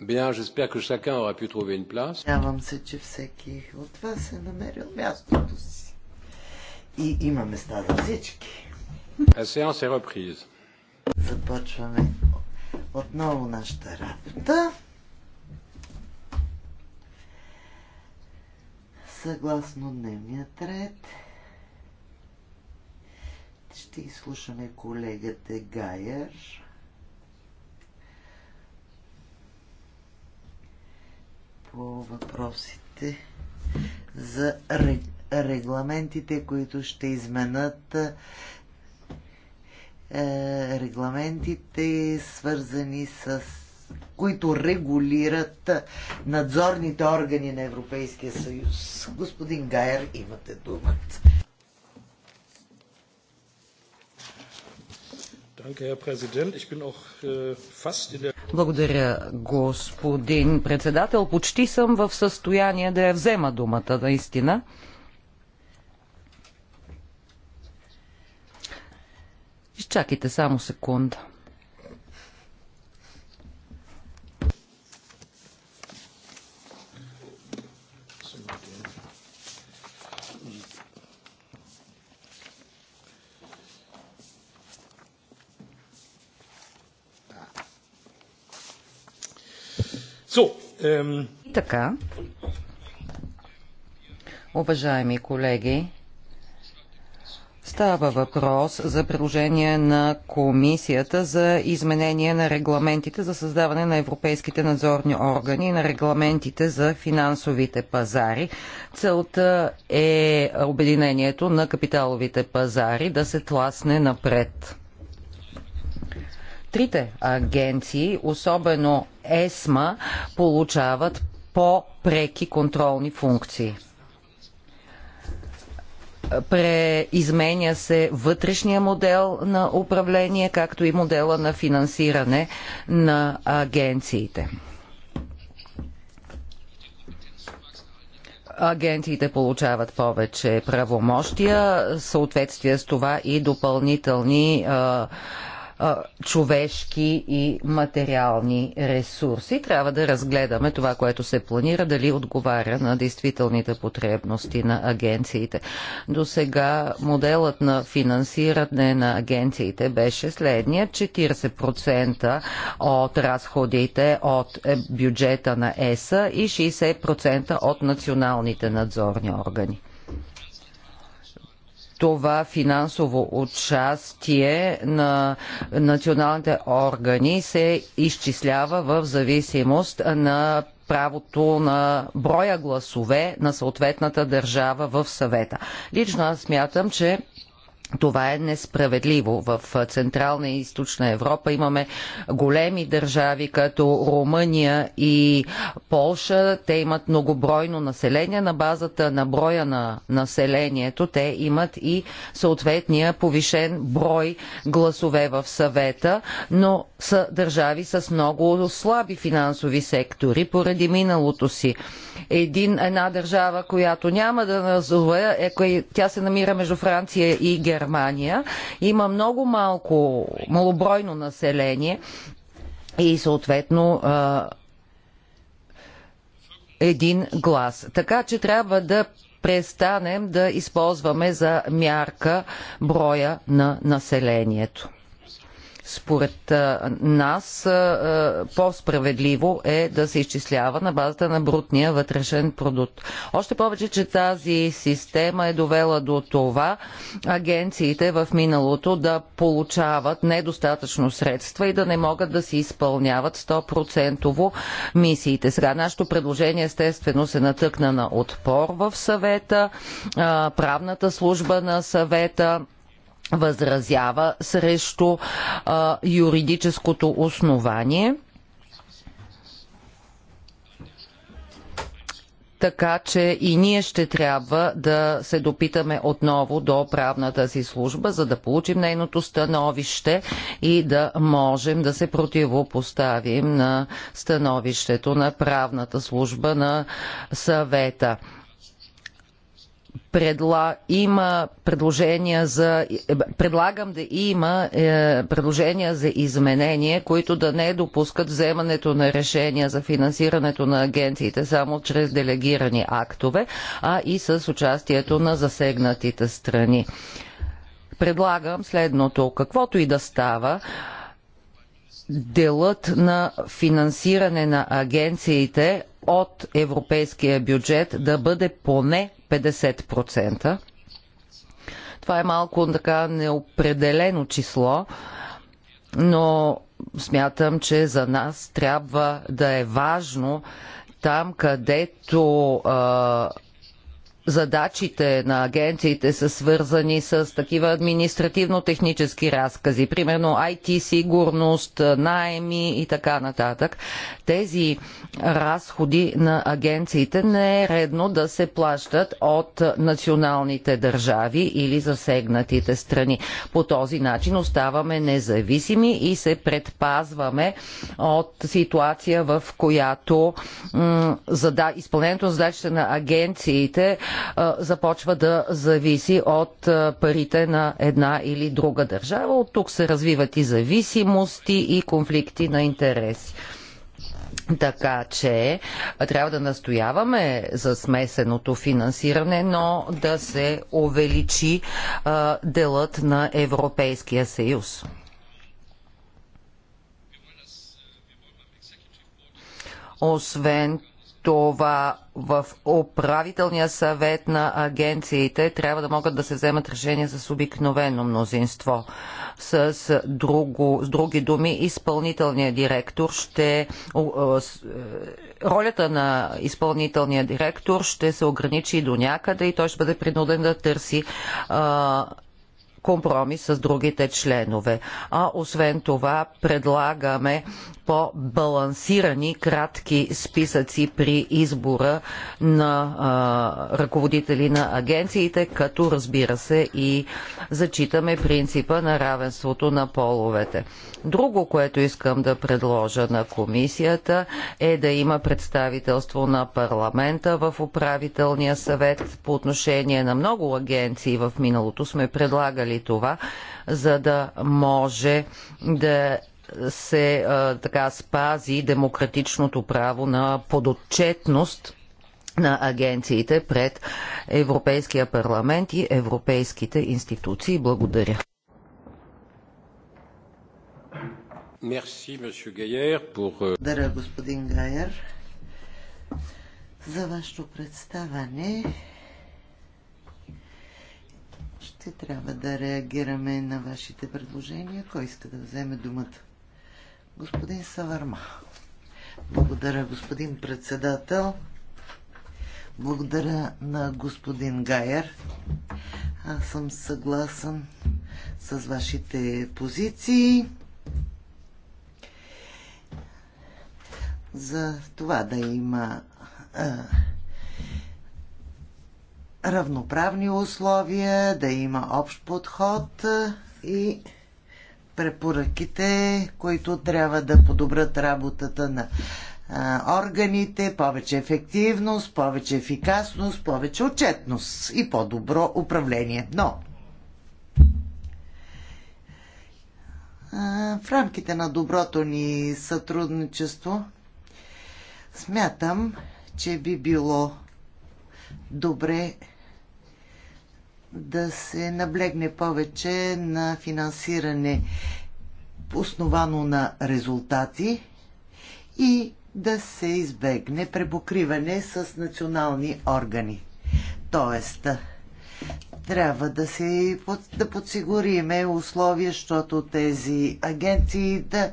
Bien, j'espère que chacun aura pu trouver une place. Надявам се, че всеки от вас е намерил мястото си. И има места за всички. La séance est reprise. Започваме отново нашата работа. Съгласно дневния ред, ще изслушаме колегата Гайер по въпросите за регламентите, които ще изменят е, регламентите, свързани с които регулират надзорните органи на Европейския съюз. Господин Гайер, имате думата. Äh, Благодаря, господин председател. Почти съм в състояние да я взема думата, наистина. Изчакайте само секунда. So, ähm... И така, уважаеми колеги, Става въпрос за предложение на комисията за изменение на регламентите за създаване на европейските надзорни органи и на регламентите за финансовите пазари. Целта е обединението на капиталовите пазари да се тласне напред. Трите агенции, особено ЕСМА, получават по-преки контролни функции. Преизменя се вътрешния модел на управление, както и модела на финансиране на агенциите. агенциите получават повече правомощия, съответствие с това и допълнителни а, човешки и материални ресурси. Трябва да разгледаме това, което се планира, дали отговаря на действителните потребности на агенциите. До сега моделът на финансиране на агенциите беше следния. 40% от разходите от е, бюджета на ЕСА и 60% от националните надзорни органи това финансово участие на националните органи се изчислява в зависимост на правото на броя гласове на съответната държава в съвета. Лично аз смятам, че това е несправедливо. В Централна и Източна Европа имаме големи държави, като Румъния и Полша. Те имат многобройно население. На базата на броя на населението те имат и съответния повишен брой гласове в съвета, но са държави с много слаби финансови сектори поради миналото си. Един, една държава, която няма да назова, е, тя се намира между Франция и Германия Германия има много малко, малобройно население и съответно един глас. Така че трябва да престанем да използваме за мярка броя на населението. Според нас по-справедливо е да се изчислява на базата на брутния вътрешен продукт. Още повече, че тази система е довела до това агенциите в миналото да получават недостатъчно средства и да не могат да си изпълняват 100% мисиите. Сега нашето предложение естествено се натъкна на отпор в съвета, правната служба на съвета възразява срещу а, юридическото основание. така че и ние ще трябва да се допитаме отново до правната си служба, за да получим нейното становище и да можем да се противопоставим на становището на правната служба на съвета предла... има предложения за... Предлагам да има е, предложения за изменение, които да не допускат вземането на решения за финансирането на агенциите само чрез делегирани актове, а и с участието на засегнатите страни. Предлагам следното. Каквото и да става, делът на финансиране на агенциите от европейския бюджет да бъде поне 50%. Това е малко така неопределено число, но смятам, че за нас трябва да е важно там, където а, задачите на агенциите са свързани с такива административно-технически разкази, примерно IT сигурност, найеми и така нататък. Тези разходи на агенциите не е редно да се плащат от националните държави или засегнатите страни. По този начин оставаме независими и се предпазваме от ситуация, в която изпълнението на задачите на агенциите започва да зависи от парите на една или друга държава. От тук се развиват и зависимости и конфликти на интереси. Така че трябва да настояваме за смесеното финансиране, но да се увеличи а, делът на Европейския съюз. Освен това в управителния съвет на агенциите трябва да могат да се вземат решения с обикновено мнозинство. С, друго, с други думи, изпълнителният директор ще. Е, ролята на изпълнителния директор ще се ограничи до някъде и той ще бъде принуден да търси а, компромис с другите членове. А освен това предлагаме по-балансирани кратки списъци при избора на а, ръководители на агенциите, като разбира се и зачитаме принципа на равенството на половете. Друго, което искам да предложа на комисията е да има представителство на парламента в управителния съвет по отношение на много агенции в миналото сме предлагали това, за да може да се така спази демократичното право на подотчетност на агенциите пред Европейския парламент и европейските институции. Благодаря. Euh, Благодаря, господин Гайер, за вашето представане. Ще трябва да реагираме на вашите предложения. Кой иска да вземе думата? Господин Саварма. Благодаря, господин председател. Благодаря на господин Гайер. Аз съм съгласен с вашите позиции. За това да има а, равноправни условия, да има общ подход и препоръките, които трябва да подобрат работата на органите, повече ефективност, повече ефикасност, повече отчетност и по-добро управление. Но в рамките на доброто ни сътрудничество смятам, че би било добре да се наблегне повече на финансиране основано на резултати и да се избегне препокриване с национални органи. Тоест, трябва да се да подсигуриме условия, защото тези агенции да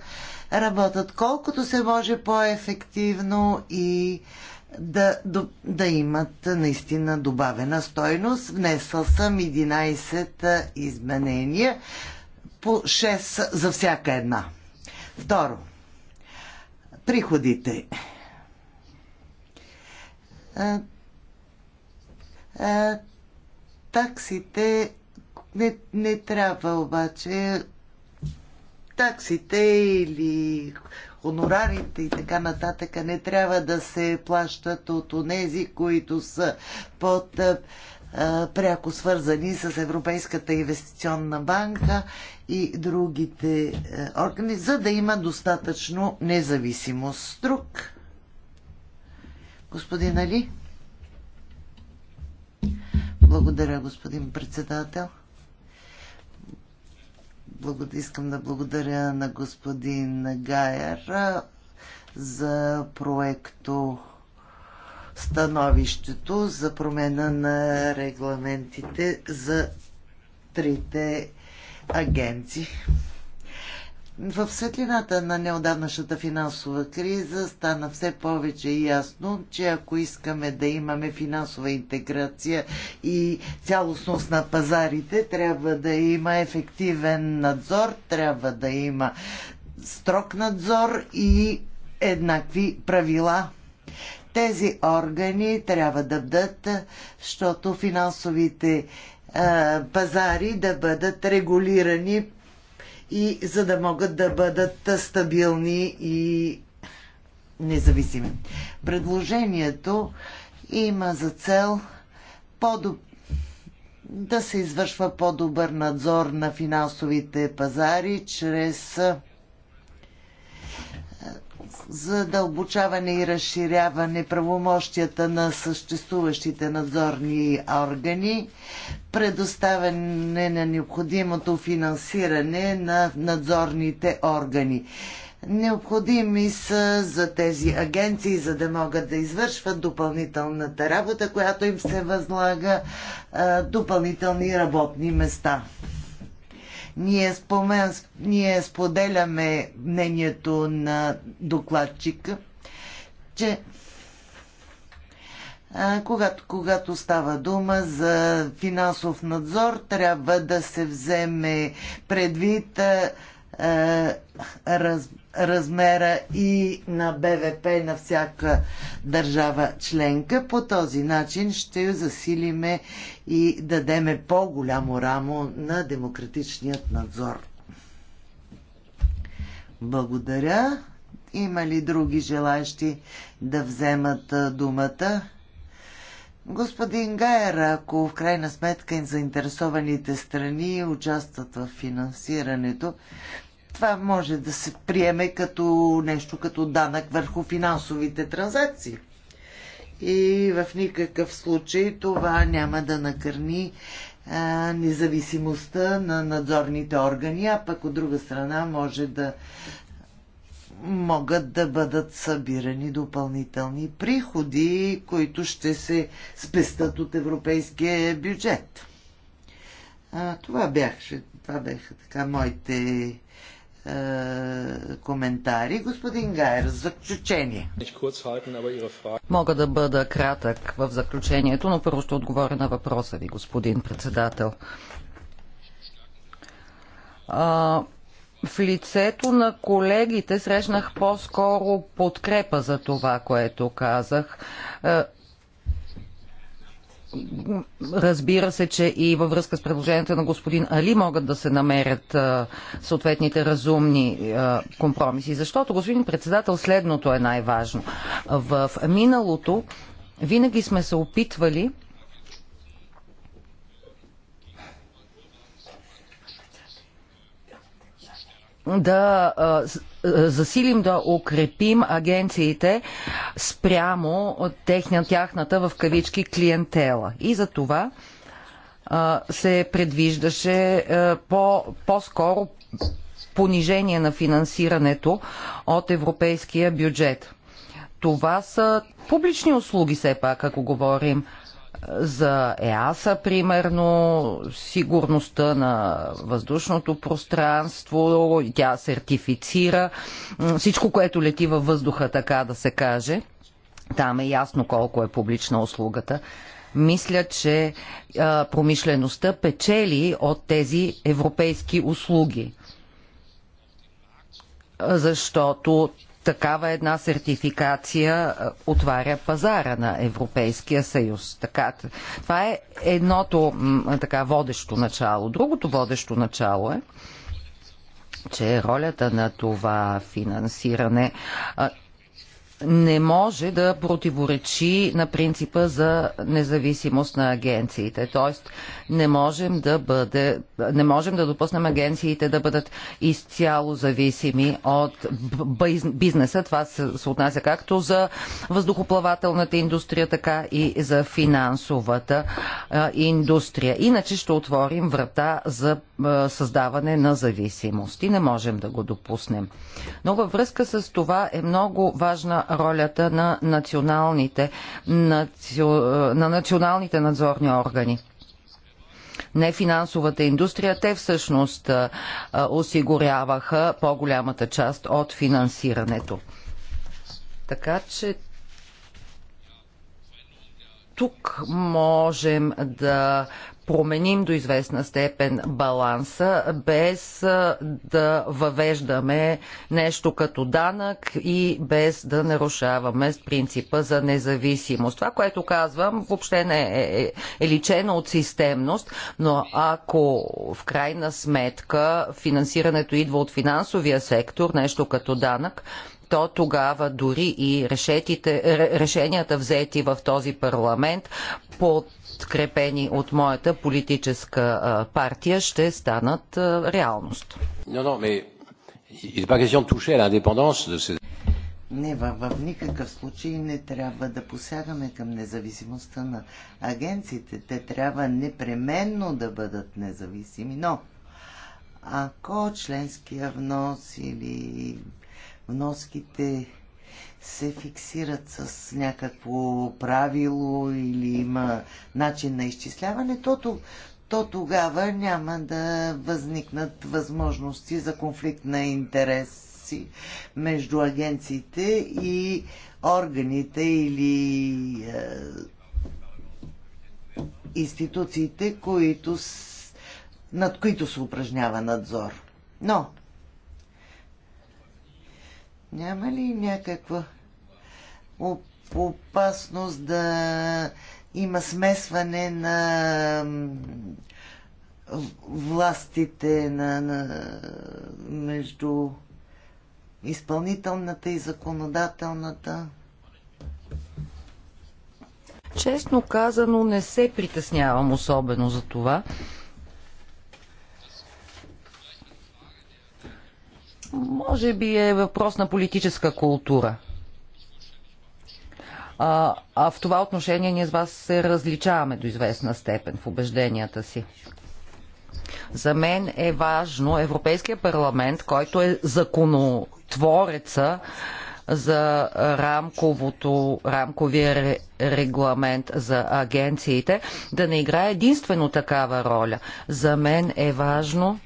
работят колкото се може по-ефективно и да, да имат наистина добавена стойност. Внесъл съм 11 изменения по 6 за всяка една. Второ, приходите. А, а, таксите не, не трябва обаче таксите или хонорарите и така нататък не трябва да се плащат от онези, които са под пряко свързани с Европейската инвестиционна банка и другите органи, за да има достатъчно независимост. Друг. Господин Али? Благодаря, господин председател. Искам да благодаря на господин Гайер за проекто становището за промена на регламентите за трите агенции. В светлината на неодавнашата финансова криза стана все повече ясно, че ако искаме да имаме финансова интеграция и цялостност на пазарите, трябва да има ефективен надзор, трябва да има строг надзор и еднакви правила. Тези органи трябва да бъдат защото финансовите пазари да бъдат регулирани и за да могат да бъдат стабилни и независими. Предложението има за цел по доб да се извършва по-добър надзор на финансовите пазари чрез задълбочаване и разширяване правомощията на съществуващите надзорни органи, предоставяне на необходимото финансиране на надзорните органи. Необходими са за тези агенции, за да могат да извършват допълнителната работа, която им се възлага, допълнителни работни места. Ние, спомен, ние споделяме мнението на докладчика, че когато, когато става дума за финансов надзор, трябва да се вземе предвид раз, размера и на БВП на всяка държава членка. По този начин ще засилиме и дадеме по-голямо рамо на демократичният надзор. Благодаря. Има ли други желаящи да вземат думата? Господин Гайер, ако в крайна сметка заинтересованите страни участват в финансирането, това може да се приеме като нещо като данък върху финансовите транзакции. И в никакъв случай това няма да накърни а, независимостта на надзорните органи, а пък от друга страна може да могат да бъдат събирани допълнителни приходи, които ще се спестат от европейския бюджет. А, това, бяхше, това бяха така моите е, коментари. Господин Гайер, заключение. Мога да бъда кратък в заключението, но първо ще отговоря на въпроса ви, господин председател. А, в лицето на колегите срещнах по-скоро подкрепа за това, което казах. Разбира се, че и във връзка с предложението на господин Али могат да се намерят а, съответните разумни а, компромиси. Защото, господин председател, следното е най-важно. В миналото винаги сме се опитвали да засилим, да укрепим агенциите спрямо от тяхната в кавички клиентела. И за това се предвиждаше по, по-скоро понижение на финансирането от европейския бюджет. Това са публични услуги, все пак, ако говорим за ЕАСА, примерно, сигурността на въздушното пространство, тя сертифицира всичко, което лети във въздуха, така да се каже. Там е ясно колко е публична услугата. Мисля, че а, промишлеността печели от тези европейски услуги защото такава една сертификация е, отваря пазара на Европейския съюз. Така, това е едното е, така водещо начало. Другото водещо начало е, че ролята на това финансиране не може да противоречи на принципа за независимост на агенциите. Тоест, не можем да, бъде, не можем да допуснем агенциите да бъдат изцяло зависими от бизнеса. Това се, се отнася както за въздухоплавателната индустрия, така и за финансовата а, индустрия. Иначе ще отворим врата за а, създаване на зависимост и не можем да го допуснем. Но във връзка с това е много важна ролята на националните, на националните надзорни органи не финансовата индустрия, те всъщност осигуряваха по-голямата част от финансирането. Така че тук можем да променим до известна степен баланса, без да въвеждаме нещо като данък и без да нарушаваме принципа за независимост. Това, което казвам, въобще не е, е, е личено от системност, но ако в крайна сметка финансирането идва от финансовия сектор, нещо като данък, то тогава дори и решетите, решенията взети в този парламент под подкрепени от моята политическа партия, ще станат реалност. Не, в, в никакъв случай не трябва да посягаме към независимостта на агенциите. Те трябва непременно да бъдат независими, но ако членския внос или вноските се фиксират с някакво правило или има начин на изчисляване, то, то тогава няма да възникнат възможности за конфликт на интереси между агенциите и органите или е, институциите, които с, над които се упражнява надзор. Но, няма ли някаква опасност да има смесване на властите на, на, между изпълнителната и законодателната? Честно казано, не се притеснявам особено за това. Може би е въпрос на политическа култура. А, а в това отношение ние с вас се различаваме до известна степен в убежденията си. За мен е важно Европейския парламент, който е законотвореца за рамковото, рамковия регламент за агенциите, да не играе единствено такава роля. За мен е важно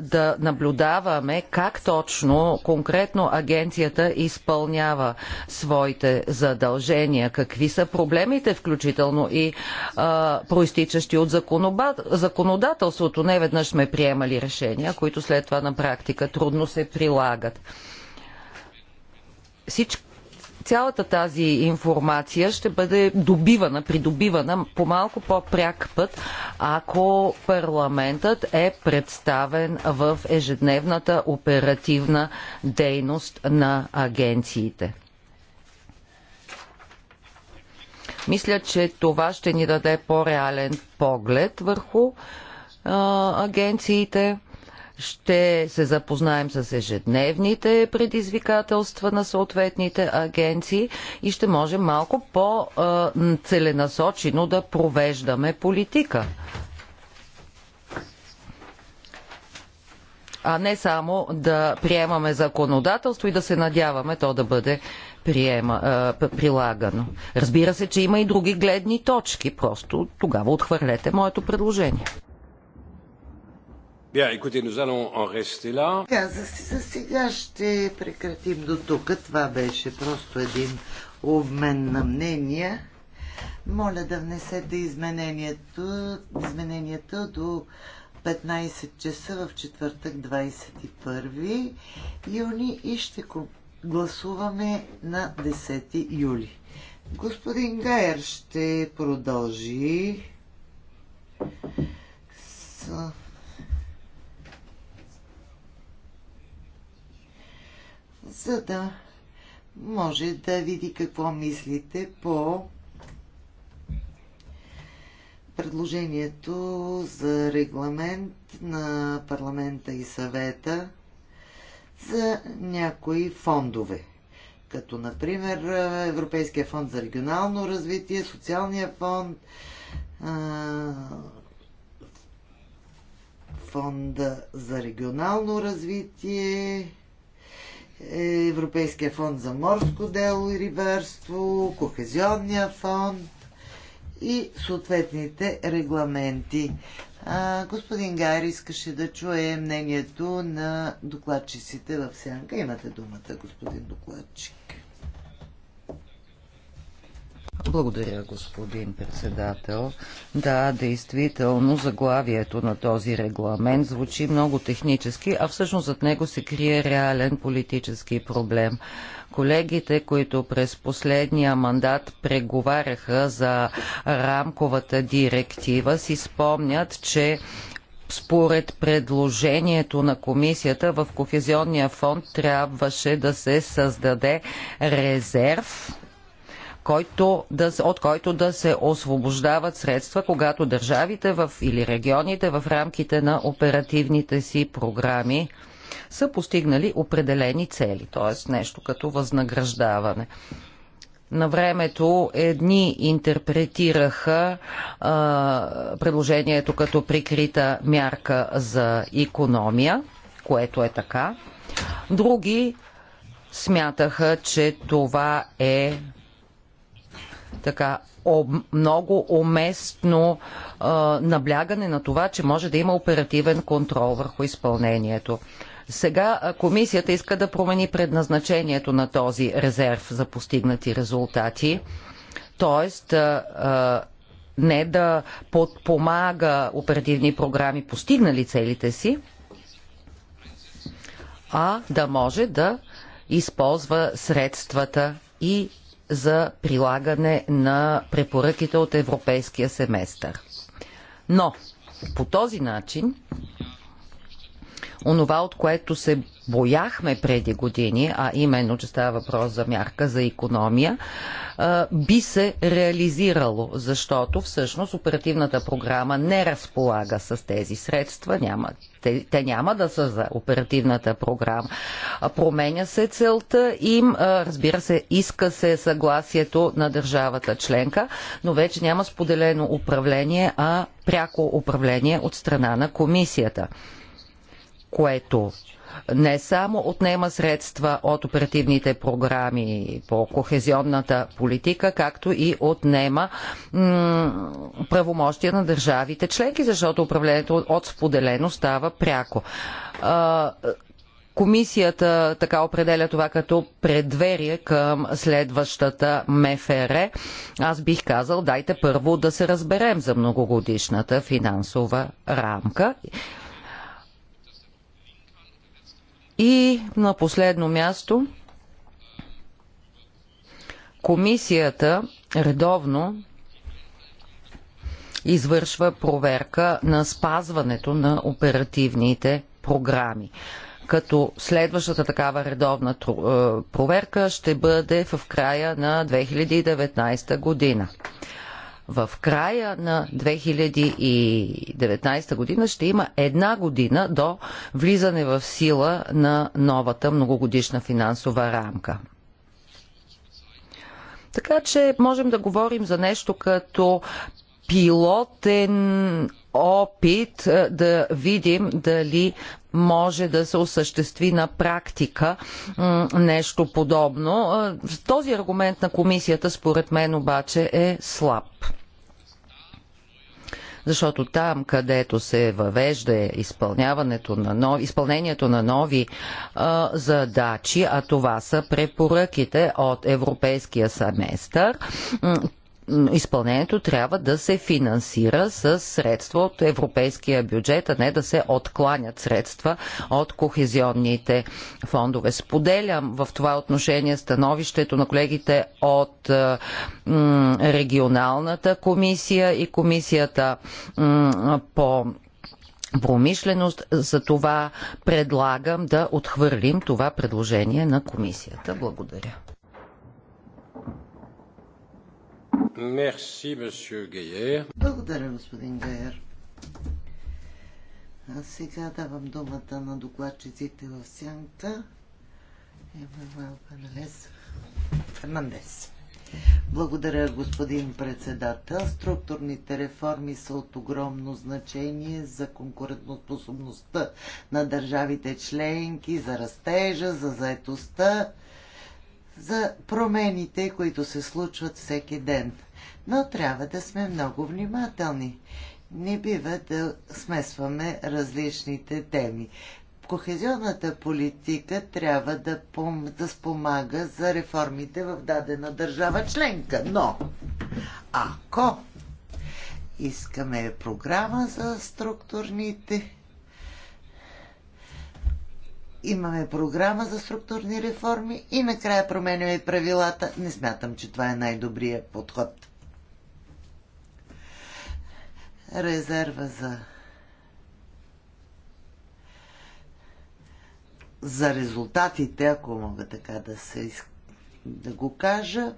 да наблюдаваме как точно конкретно агенцията изпълнява своите задължения, какви са проблемите, включително и а, проистичащи от законодателството. Не веднъж сме приемали решения, които след това на практика трудно се прилагат. Всички цялата тази информация ще бъде добивана, придобивана по малко по-пряк път, ако парламентът е представен в ежедневната оперативна дейност на агенциите. Мисля, че това ще ни даде по-реален поглед върху а, агенциите ще се запознаем с ежедневните предизвикателства на съответните агенции и ще можем малко по-целенасочено да провеждаме политика. а не само да приемаме законодателство и да се надяваме то да бъде приема, а, прилагано. Разбира се, че има и други гледни точки, просто тогава отхвърлете моето предложение. Бя, écoutez, nous allons en rester là. Каза си, за сега ще прекратим до тук. Това беше просто един обмен на мнения. Моля да внесете изменението, изменението до 15 часа в четвъртък 21 юни и ще гласуваме на 10 юли. Господин Гайер ще продължи с за да може да види какво мислите по предложението за регламент на парламента и съвета за някои фондове, като например Европейския фонд за регионално развитие, Социалния фонд, Фонда за регионално развитие, Европейския фонд за морско дело и рибарство, Кохезионния фонд и съответните регламенти. А, господин Гайр искаше да чуе мнението на докладчиците в сянка. Имате думата, господин докладчик. Благодаря, господин председател. Да, действително, заглавието на този регламент звучи много технически, а всъщност зад него се крие реален политически проблем. Колегите, които през последния мандат преговаряха за рамковата директива, си спомнят, че според предложението на комисията в Кохезионния фонд трябваше да се създаде резерв който да, от който да се освобождават средства, когато държавите в, или регионите в рамките на оперативните си програми са постигнали определени цели, т.е. нещо като възнаграждаване. На времето едни интерпретираха а, предложението като прикрита мярка за економия, което е така. Други смятаха, че това е така много уместно а, наблягане на това, че може да има оперативен контрол върху изпълнението. Сега комисията иска да промени предназначението на този резерв за постигнати резултати, т.е. не да подпомага оперативни програми постигнали целите си, а да може да използва средствата и за прилагане на препоръките от европейския семестър. Но по този начин онова, от което се бояхме преди години, а именно, че става въпрос за мярка за економия, би се реализирало, защото всъщност оперативната програма не разполага с тези средства, няма, те, те няма да са за оперативната програма. Променя се целта им, разбира се, иска се съгласието на държавата членка, но вече няма споделено управление, а пряко управление от страна на комисията което не само отнема средства от оперативните програми по кохезионната политика, както и отнема правомощия на държавите членки, защото управлението от споделено става пряко. А, комисията така определя това като предверие към следващата МФР. Аз бих казал, дайте първо да се разберем за многогодишната финансова рамка и на последно място, комисията редовно извършва проверка на спазването на оперативните програми. Като следващата такава редовна е, проверка ще бъде в края на 2019 година в края на 2019 година ще има една година до влизане в сила на новата многогодишна финансова рамка. Така че можем да говорим за нещо като пилотен опит е, да видим дали може да се осъществи на практика нещо подобно. Е, този аргумент на комисията според мен обаче е слаб защото там, където се въвежда изпълняването на нови, изпълнението на нови а, е, задачи, а това са препоръките от Европейския семестър, изпълнението трябва да се финансира с средства от европейския бюджет, а не да се откланят средства от кохезионните фондове. Споделям в това отношение становището на колегите от е, регионалната комисия и комисията по промишленост. За това предлагам да отхвърлим това предложение на комисията. Благодаря. Мерси, месье Гейер. Благодаря, господин Гейер. А сега давам думата на докладчиците в сянка. Емануел Фернандес. Фернандес. Благодаря, господин председател. Структурните реформи са от огромно значение за конкурентоспособността на държавите членки, за растежа, за заетостта за промените, които се случват всеки ден. Но трябва да сме много внимателни. Не бива да смесваме различните теми. Кохезионната политика трябва да, пом- да спомага за реформите в дадена държава членка. Но ако искаме програма за структурните имаме програма за структурни реформи и накрая променяме правилата. Не смятам, че това е най-добрият подход. Резерва за за резултатите, ако мога така да се да го кажа.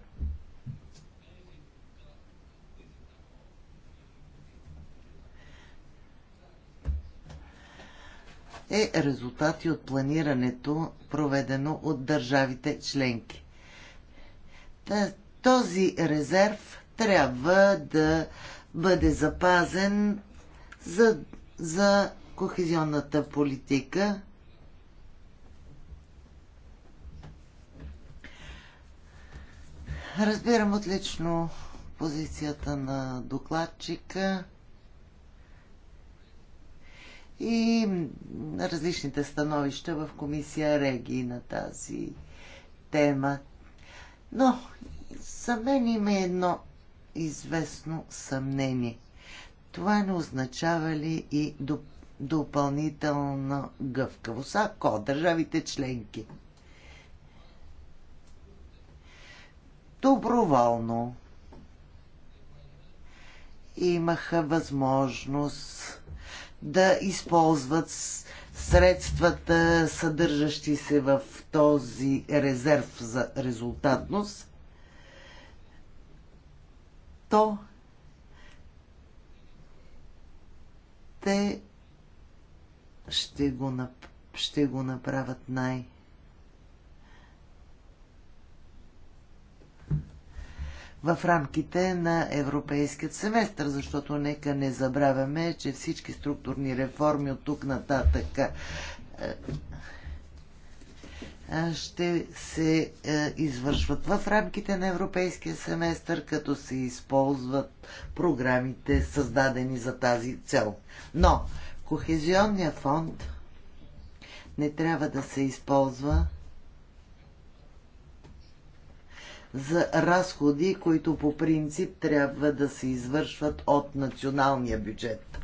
е резултати от планирането, проведено от държавите членки. Този резерв трябва да бъде запазен за, за кохезионната политика. Разбирам отлично позицията на докладчика и различните становища в комисия Реги на тази тема. Но за мен има едно известно съмнение. Това не означава ли и доп... допълнителна гъвкавост? Ако държавите членки доброволно имаха възможност да използват средствата, съдържащи се в този резерв за резултатност, то те ще го, ще го направят най- в рамките на европейският семестър, защото нека не забравяме, че всички структурни реформи от тук нататък е, е, ще се е, извършват в рамките на европейския семестър, като се използват програмите, създадени за тази цел. Но кохезионният фонд не трябва да се използва за разходи, които по принцип трябва да се извършват от националния бюджет.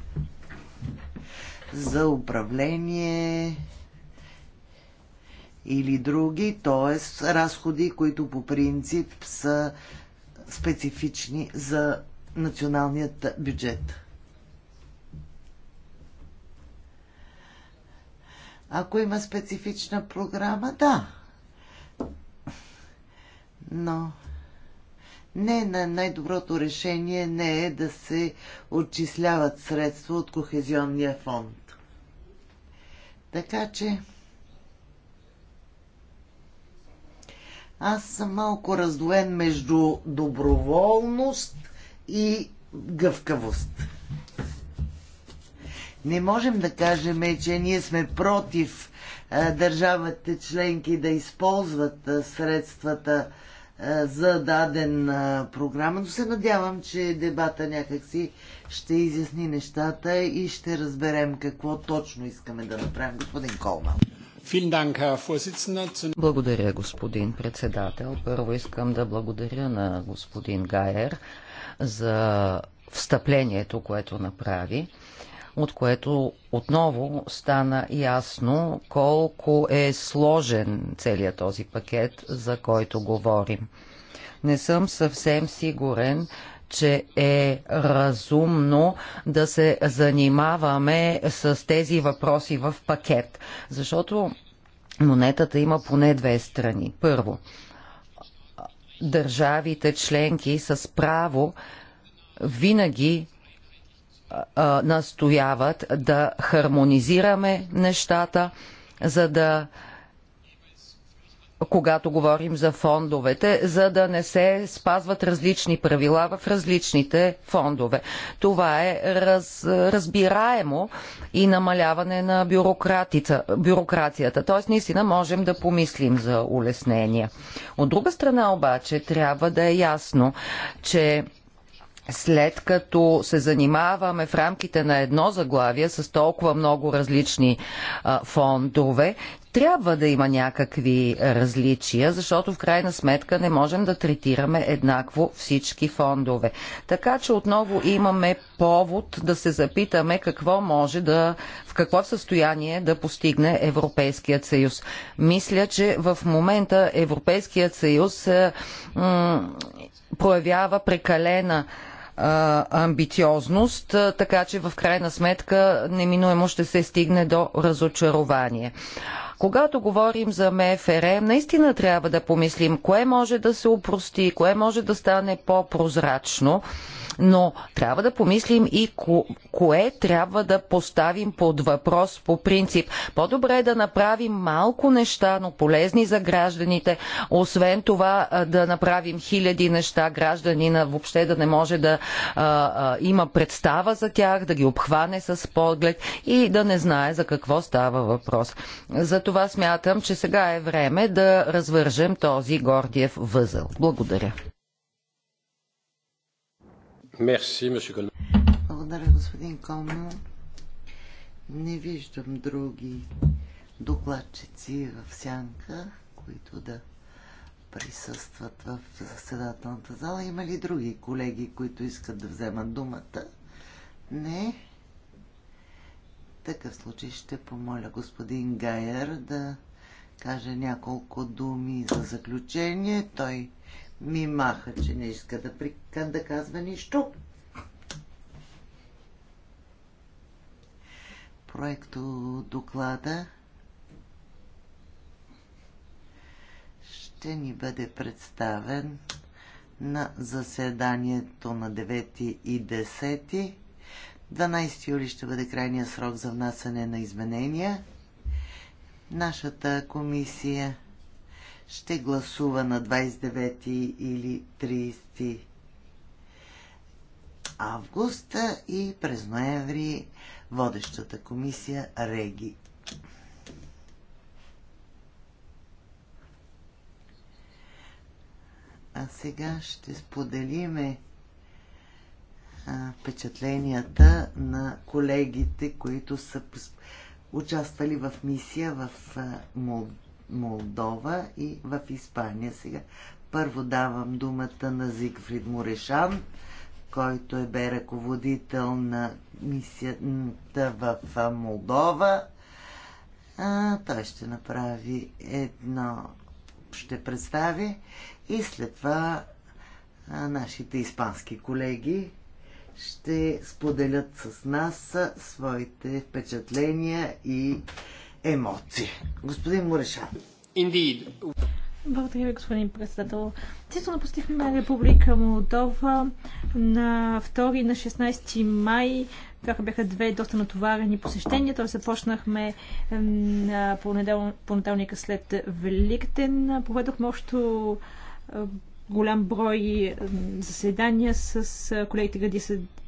За управление или други, т.е. разходи, които по принцип са специфични за националният бюджет. Ако има специфична програма, да но не на най-доброто решение не е да се отчисляват средства от Кохезионния фонд. Така че аз съм малко раздвоен между доброволност и гъвкавост. Не можем да кажем, е, че ние сме против държавата, членки да използват средствата за даден програма, но се надявам, че дебата някакси ще изясни нещата и ще разберем какво точно искаме да направим, господин Колман. Благодаря, господин председател. Първо искам да благодаря на господин Гайер за встъплението, което направи от което отново стана ясно колко е сложен целият този пакет, за който говорим. Не съм съвсем сигурен, че е разумно да се занимаваме с тези въпроси в пакет, защото монетата има поне две страни. Първо, държавите членки с право винаги настояват да хармонизираме нещата, за да когато говорим за фондовете, за да не се спазват различни правила в различните фондове. Това е раз, разбираемо и намаляване на бюрокрацията. Тоест, наистина можем да помислим за улеснения. От друга страна обаче трябва да е ясно, че след като се занимаваме в рамките на едно заглавие с толкова много различни а, фондове, трябва да има някакви различия, защото в крайна сметка не можем да третираме еднакво всички фондове. Така че отново имаме повод да се запитаме какво може да, в какво е състояние да постигне Европейският съюз. Мисля, че в момента Европейският съюз проявява прекалена амбициозност, така че в крайна сметка неминуемо ще се стигне до разочарование. Когато говорим за МФР, наистина трябва да помислим кое може да се упрости, кое може да стане по-прозрачно, но трябва да помислим и ко- кое трябва да поставим под въпрос по принцип. По-добре е да направим малко неща, но полезни за гражданите. Освен това да направим хиляди неща, гражданина въобще да не може да а, а, има представа за тях, да ги обхване с поглед и да не знае за какво става въпрос. Затова затова смятам, че сега е време да развържем този Гордиев възъл. Благодаря. Merci, Благодаря, господин Комо. Не виждам други докладчици в сянка, които да присъстват в заседателната зала. Има ли други колеги, които искат да вземат думата? Не такъв случай ще помоля господин Гайер да каже няколко думи за заключение. Той ми маха, че не иска да, при... да казва нищо. Проекто доклада ще ни бъде представен на заседанието на 9 и 10 12 юли ще бъде крайния срок за внасяне на изменения. Нашата комисия ще гласува на 29 или 30 август и през ноември водещата комисия Реги. А сега ще споделиме впечатленията на колегите, които са участвали в мисия в Молдова и в Испания сега. Първо давам думата на Зигфрид Морешан, който е бе ръководител на мисията в Молдова. А, той ще направи едно, ще представи и след това а, нашите испански колеги ще споделят с нас своите впечатления и емоции. Господин Муреша. Indeed. Благодаря ви, господин председател. напустихме на Република Молдова на 2 на 16 май. Бяха, бяха две доста натоварени посещения. Т.е. започнахме на понеделника след Великден. Поведохме още голям брой заседания с колегите Гади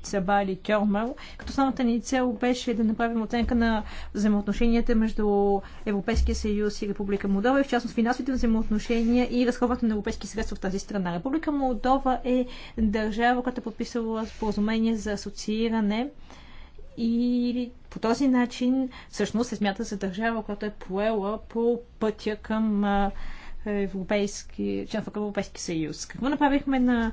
Сабали Кьормал, като основната ни цел беше да направим оценка на взаимоотношенията между Европейския съюз и Република Молдова и в частност финансовите взаимоотношения и разходването на европейски средства в тази страна. Република Молдова е държава, която е подписала споразумение за асоцииране и по този начин всъщност се смята за държава, която е поела по пътя към европейски, член в Европейски съюз. Какво направихме на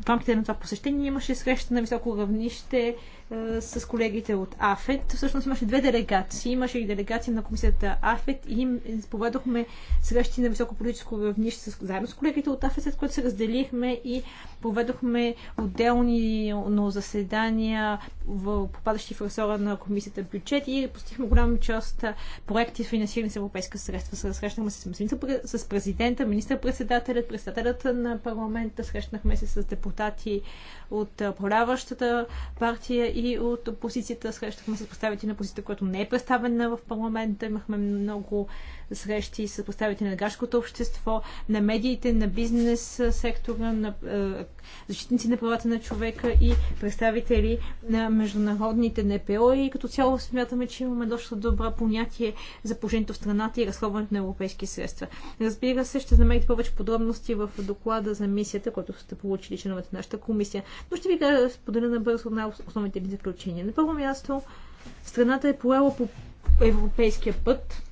в рамките на това посещение имаше среща на високо равнище а, е, с колегите от АФЕТ. Всъщност имаше две делегации. Имаше и делегация на комисията АФЕТ и им поведохме срещи на високо политическо равнище с, заедно с колегите от АФЕТ, след което се разделихме и поведохме отделни но заседания, в, попадащи в ресора на комисията бюджет и постихме голяма част е, проекти, финансирани с европейска средства. Срещнахме се с, с президента, министър-председателят, председателят на парламента, срещнахме се с депутатите депутати от управляващата партия и от опозицията. Срещахме се с представители на опозицията, която не е представена в парламента. Имахме много срещи с представители на гражданското общество, на медиите, на бизнес сектора, на е, защитници на правата на човека и представители на международните НПО и като цяло смятаме, че имаме доста добра понятие за положението в страната и разходването на европейски средства. Разбира се, ще намерите повече подробности в доклада за мисията, който сте получили членовете на нашата комисия, но ще ви споделя набързо на основните ни заключения. На първо място, страната е поела по европейския път,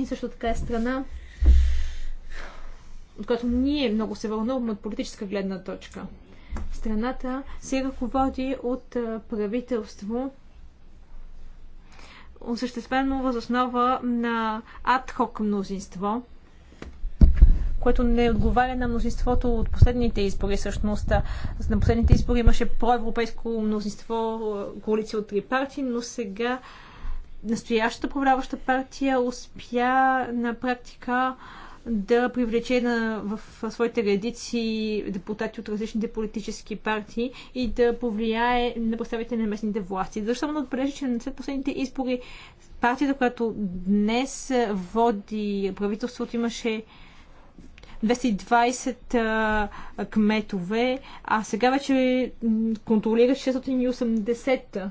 И също така е страна, от която ние много се вълнуваме от политическа гледна точка. Страната се ръководи от правителство, осъществено основа на адхок мнозинство, което не отговаря на мнозинството от последните избори. Всъщност, на последните избори имаше проевропейско мнозинство, коалиция от три партии, но сега настоящата управляваща партия успя на практика да привлече на, в своите редици депутати от различните политически партии и да повлияе на представите на местните власти. Защо да отбележи, че след последните избори партията, която днес води правителството, имаше 220 а, кметове, а сега вече контролира 680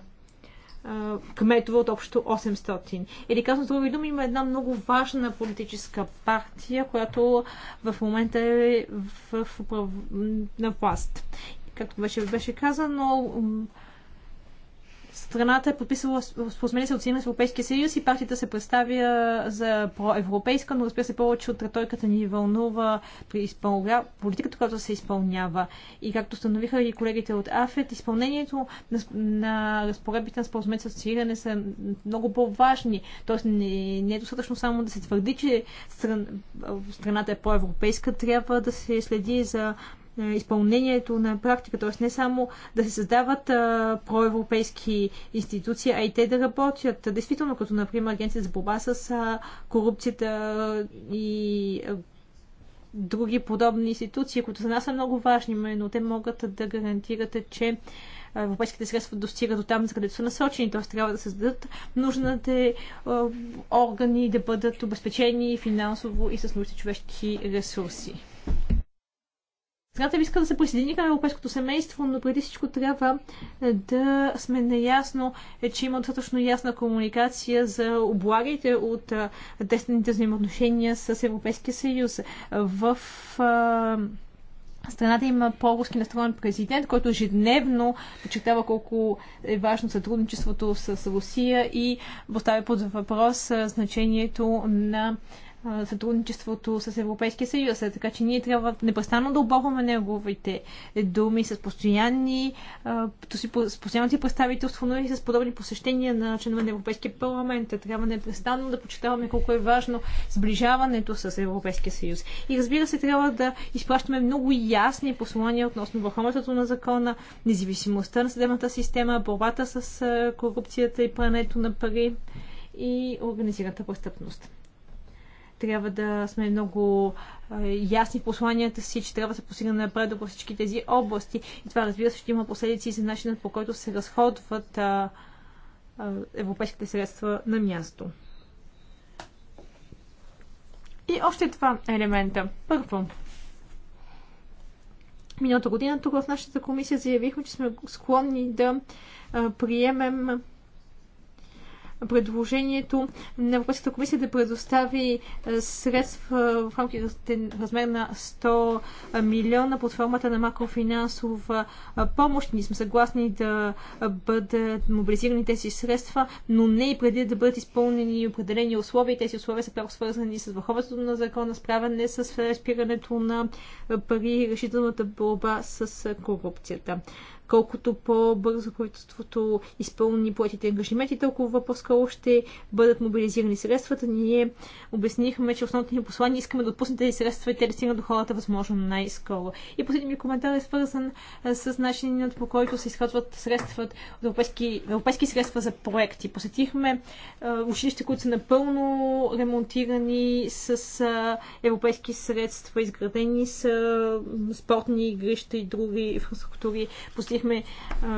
кметове от общо 800. Или казвам с други думи, има една много важна политическа партия, която в момента е в, в, в, на власт. Както вече беше казано, Страната е подписала споразумение с Оцина с Европейския съюз и партията се представя за проевропейска, но разбира се повече от риториката ни вълнува при изпълня... политиката, която се изпълнява. И както становиха и колегите от АФЕТ, изпълнението на, на разпоредбите на споразумение с Оцина са много по-важни. Тоест не, не е достатъчно само да се твърди, че стран... страната е проевропейска, трябва да се следи за е, изпълнението на практика, т.е. не само да се създават проевропейски институции, а и те да работят действително, като например Агенция за борба с корупцията и други подобни институции, които за нас са много важни, но те могат да гарантират, че европейските средства достигат до там, за където са насочени. Т.е. трябва да създадат нужните органи да бъдат обезпечени финансово и с нужните човешки ресурси. Страната ви иска да се присъедини към европейското семейство, но преди всичко трябва е, да сме наясно, е, че има достатъчно ясна комуникация за облагите от е, тесните взаимоотношения с Европейския съюз. В а, е, страната има по-руски настроен президент, който ежедневно подчертава колко е важно сътрудничеството с Русия и поставя под въпрос значението на сътрудничеството с Европейския съюз. Така че ние трябва непрестанно да оборваме неговите думи с постоянни, с постоянното представителство, но и с подобни посещения на членове на Европейския парламент. Трябва непрестанно да почитаваме колко е важно сближаването с Европейския съюз. И разбира се, трябва да изпращаме много ясни послания относно върховенството на закона, независимостта на съдебната система, борбата с корупцията и прането на пари и организираната престъпност. Трябва да сме много ясни посланията си, че трябва да се постигне напред във всички тези области. И това, разбира се, ще има последици за начинът по който се разходват европейските средства на място. И още два елемента. Първо, миналата година тук в нашата комисия заявихме, че сме склонни да приемем предложението на Европейската комисия да предостави е, средства в рамките размер на 100 милиона под формата на макрофинансова е, помощ. Ние сме съгласни да бъдат мобилизирани тези средства, но не и преди да бъдат изпълнени определени условия. Тези условия са пряко свързани с върховенството на закона, справяне с спирането на пари и решителната борба с е, корупцията колкото по-бързо правителството изпълни поетите ангажименти, толкова по-скоро ще бъдат мобилизирани средствата. Ние обяснихме, че основното ни послание искаме да отпуснем тези средства и те да стигнат до хората възможно най-скоро. И последният ми коментар е свързан с начинът по който се изразходват средства от европейски, европейски средства за проекти. Посетихме училища, които са напълно ремонтирани с европейски средства, изградени са спортни игрища и други инфраструктури. Посетихме посетихме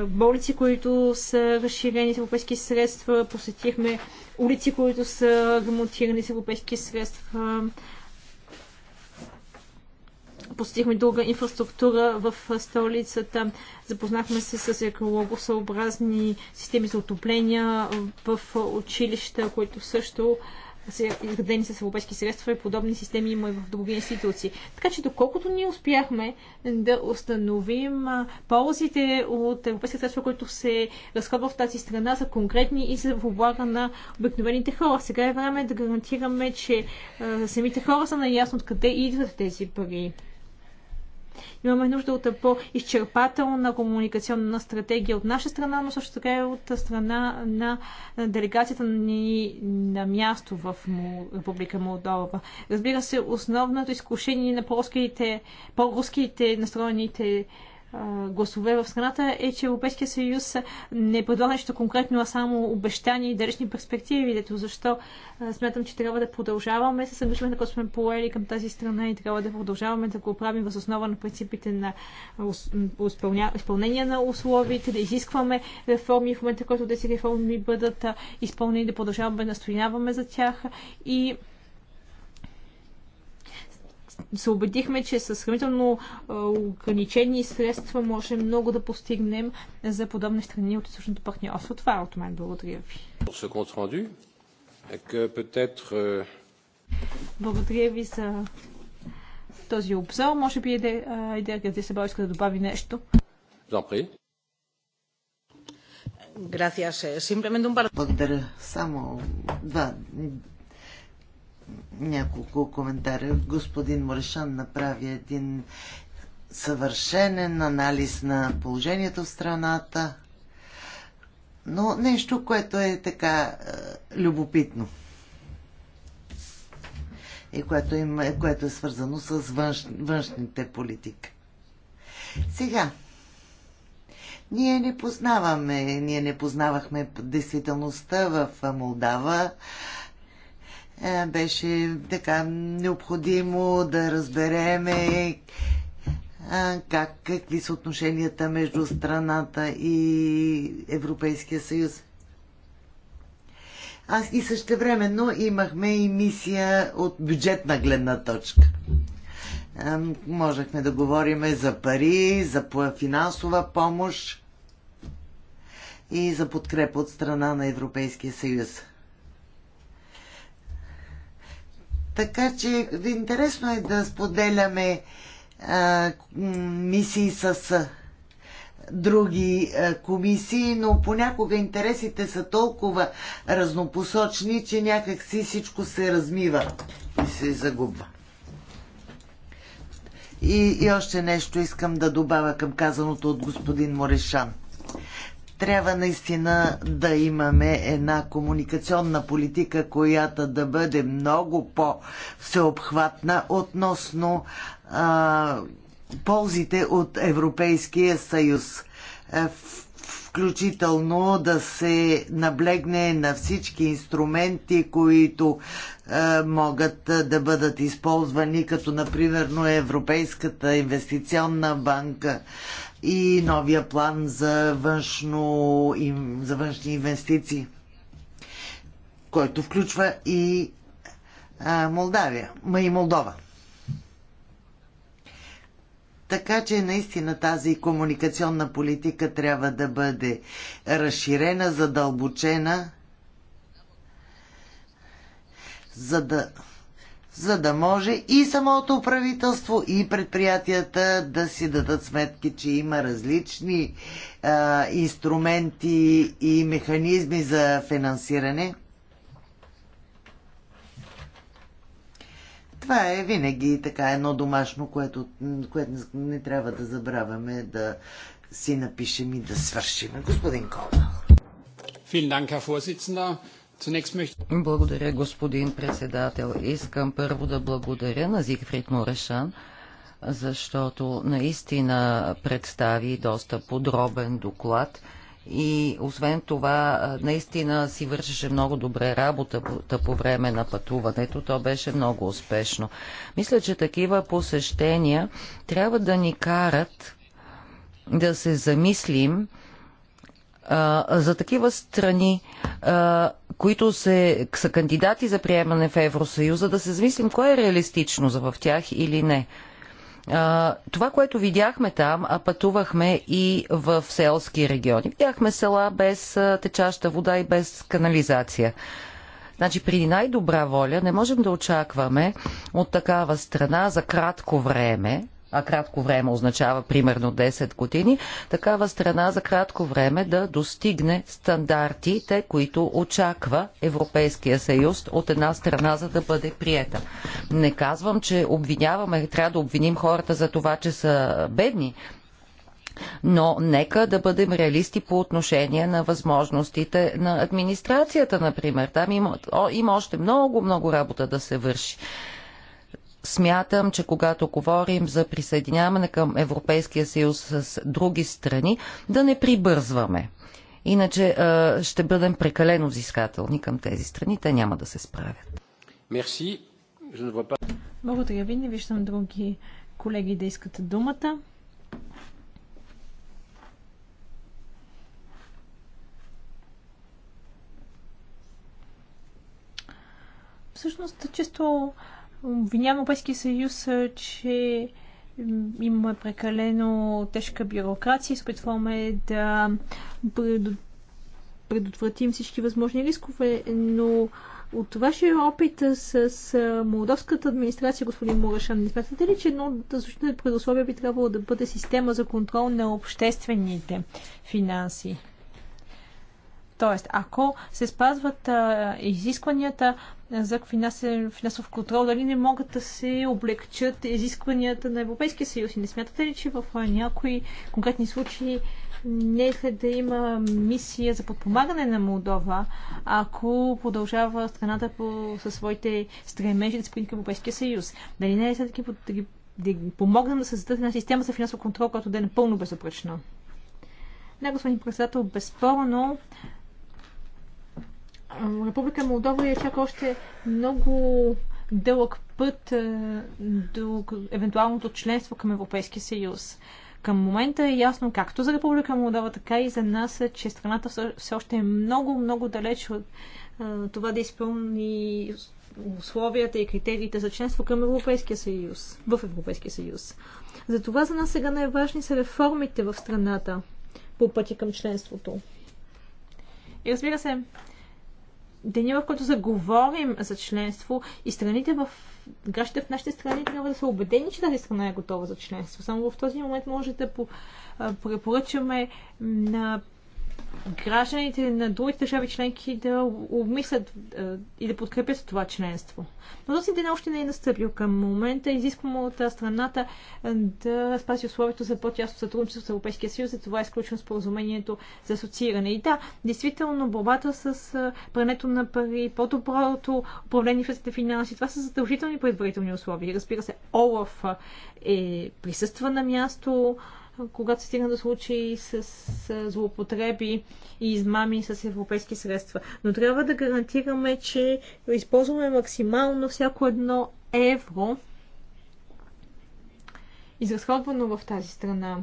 болници, които са разширени с европейски средства, посетихме улици, които са ремонтирани с европейски средства, посетихме друга инфраструктура в столицата, запознахме се с екологосъобразни системи за отопления в училища, които също градени с европейски средства и подобни системи има и в други институции. Така че доколкото ние успяхме да установим ползите от европейски средства, които се разходва в тази страна, са конкретни и за в облага на обикновените хора. Сега е време да гарантираме, че самите хора са наясно откъде идват тези пари. Имаме нужда от по-изчерпателна комуникационна стратегия от наша страна, но също така и от страна на делегацията ни на място в Република Молдова. Разбира се, основното изкушение на по-руските, по-руските настроените гласове в страната е, че Европейския съюз не предлага нещо конкретно, а само обещания и далечни перспективи. Дето защо смятам, че трябва да продължаваме с ангажимента, който сме поели към тази страна и трябва да продължаваме да го правим въз основа на принципите на изпълнение на условията, да изискваме реформи в момента, който тези реформи бъдат изпълнени, да продължаваме да настояваме за тях и се убедихме, че с хранително ограничени средства можем много да постигнем за подобни страни от източното партньорство. Това е от мен. Благодаря ви. Euh, Благодаря ви за този обзор. Може би идея къде се иска да добави нещо. Благодаря. Само два, няколко коментара. Господин Морешан направи един съвършенен анализ на положението в страната, но нещо, което е така е, любопитно и което, им, е, което е свързано с външ, външните политики. Сега, ние не познаваме, ние не познавахме действителността в Молдава. Е, беше така необходимо да разбереме как, какви са отношенията между страната и Европейския съюз. Аз и същевременно имахме и мисия от бюджетна гледна точка. Е, можехме да говорим за пари, за финансова помощ и за подкрепа от страна на Европейския съюз. Така че интересно е да споделяме а, мисии с други комисии, но понякога интересите са толкова разнопосочни, че някакси всичко се размива и се загубва. И, и още нещо искам да добавя към казаното от господин Морешан трябва наистина да имаме една комуникационна политика, която да бъде много по-всеобхватна относно а, ползите от Европейския съюз. Е, включително да се наблегне на всички инструменти, които е, могат да бъдат използвани, като например Европейската инвестиционна банка и новия план за, външно, за външни инвестиции, който включва и а, Молдавия, ма и Молдова. Така че наистина тази комуникационна политика трябва да бъде разширена, задълбочена, за да за да може и самото правителство, и предприятията да си дадат сметки, че има различни а, инструменти и механизми за финансиране. Това е винаги така едно домашно, което, което не трябва да забравяме да си напишем и да свършим. Господин Кола. Vielen Dank, благодаря, господин председател. Искам първо да благодаря на Зигфрид Морешан, защото наистина представи доста подробен доклад и освен това наистина си вършеше много добре работата по време на пътуването. То беше много успешно. Мисля, че такива посещения трябва да ни карат да се замислим за такива страни, които се, са кандидати за приемане в Евросъюза, да се замислим кое е реалистично за в тях или не. Това, което видяхме там, а пътувахме и в селски региони. Видяхме села без течаща вода и без канализация. Значи при най-добра воля не можем да очакваме от такава страна за кратко време а кратко време означава примерно 10 години, такава страна за кратко време да достигне стандартите, които очаква Европейския съюз от една страна, за да бъде приета. Не казвам, че обвиняваме, трябва да обвиним хората за това, че са бедни, но нека да бъдем реалисти по отношение на възможностите на администрацията, например. Там има, има още много, много работа да се върши смятам, че когато говорим за присъединяване към Европейския съюз с други страни, да не прибързваме. Иначе ще бъдем прекалено взискателни към тези страни. Те няма да се справят. Мерси. Благодаря ви. Не виждам други колеги да искат думата. Всъщност, чисто обвинявам Европейския съюз, че има прекалено тежка бюрокрация и се да предотвратим всички възможни рискове, но от вашия опит с, с молдовската администрация, господин Мурашан, не смятате ли, че едно от защитните предусловия би трябвало да бъде система за контрол на обществените финанси? Тоест, ако се спазват а, изискванията за финансов, финансов контрол, дали не могат да се облегчат изискванията на Европейския съюз? И не смятате ли, че в някои конкретни случаи не е след да има мисия за подпомагане на Молдова, ако продължава страната по, със своите стремежи да се към Европейския съюз? Дали не е след да ги, да помогнем да създадат една система за финансов контрол, която да е напълно безопречна? Не, господин председател, безспорно Република Молдова е чака още много дълъг път до евентуалното членство към Европейския съюз. Към момента е ясно както за Република Молдова, така и за нас, е, че страната все още е много, много далеч от това да изпълни условията и критериите за членство към Европейския съюз, в Европейския съюз. Затова за нас сега най-важни са реформите в страната по пъти към членството. И разбира се, деня, в който заговорим за членство и страните в гащите в нашите страни трябва да са убедени, че тази страна е готова за членство. Само в този момент може да препоръчаме на гражданите на другите държави членки да обмислят и да подкрепят това членство. Но този ден още не е настъпил. Към момента изискваме от страната да спаси условието за по-тясно сътрудничество с Европейския съюз, за това е изключено споразумението за асоцииране. И да, действително борбата с прането на пари, по-доброто управление в финанси, това са задължителни предварителни условия. Разбира се, ОЛАФ е присъства на място, когато се стигна до случаи с, с злоупотреби и измами с европейски средства. Но трябва да гарантираме, че използваме максимално всяко едно евро, изразходвано в тази страна.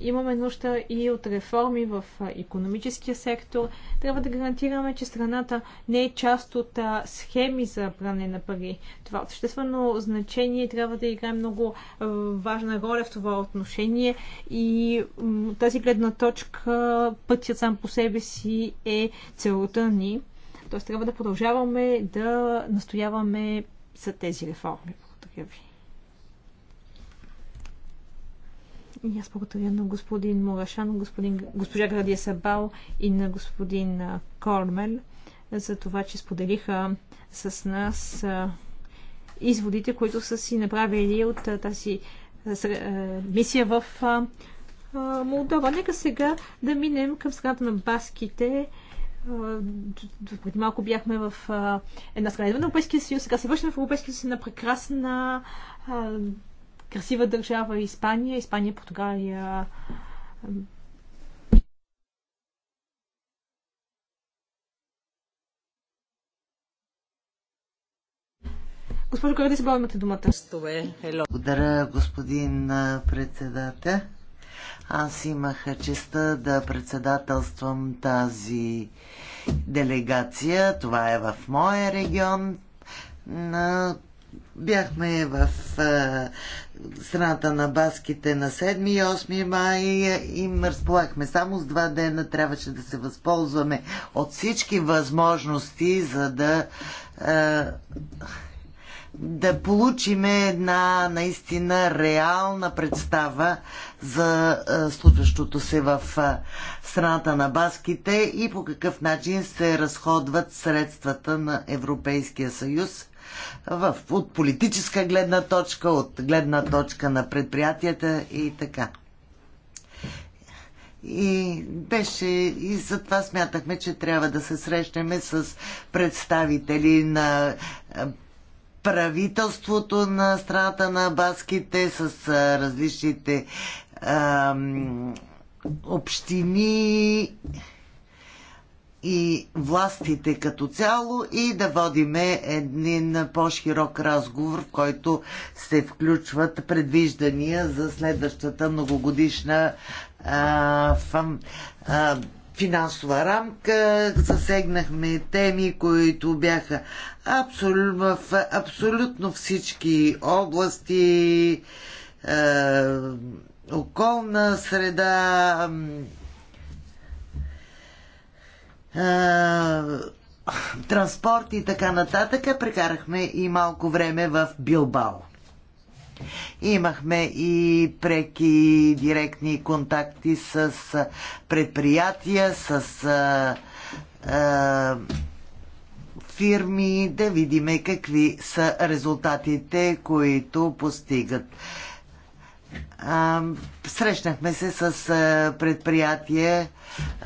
Имаме нужда и от реформи в економическия сектор. Трябва да гарантираме, че страната не е част от схеми за пране на пари. Това от съществено значение трябва да играе много важна роля в това отношение и тази гледна точка пътят сам по себе си е целта ни. Тоест трябва да продължаваме да настояваме за тези реформи. Благодаря ви. И аз благодаря на господин Мурашан, господин, госпожа Градия Сабал и на господин Кормел за това, че споделиха с нас изводите, които са си направили от тази мисия в Молдова. Нека сега да минем към страната на баските. Преди малко бяхме в една страна на Европейския съюз, сега се връщаме в Европейския съюз на прекрасна красива държава Испания, Испания, Португалия, Госпожо Кардисбал, имате думата. Благодаря, господин председател. Аз имах честа да председателствам тази делегация. Това е в моя регион. Бяхме в страната на баските на 7 и 8 май им разполагахме само с два дена. Трябваше да се възползваме от всички възможности, за да е, да получиме една наистина реална представа за е, случващото се в е, страната на баските и по какъв начин се разходват средствата на Европейския съюз в, от политическа гледна точка, от гледна точка на предприятията и така. И беше и затова смятахме, че трябва да се срещнем с представители на е, правителството на страната на баските, с е, различните ам, общини и властите като цяло и да водиме един по-широк разговор, в който се включват предвиждания за следващата многогодишна а, фам, а, финансова рамка. Засегнахме теми, които бяха абсол, в абсолютно всички области. А, околна среда, транспорт и така нататък. Прекарахме и малко време в Билбао. Имахме и преки директни контакти с предприятия, с а, фирми, да видиме какви са резултатите, които постигат. А, срещнахме се с а, предприятия,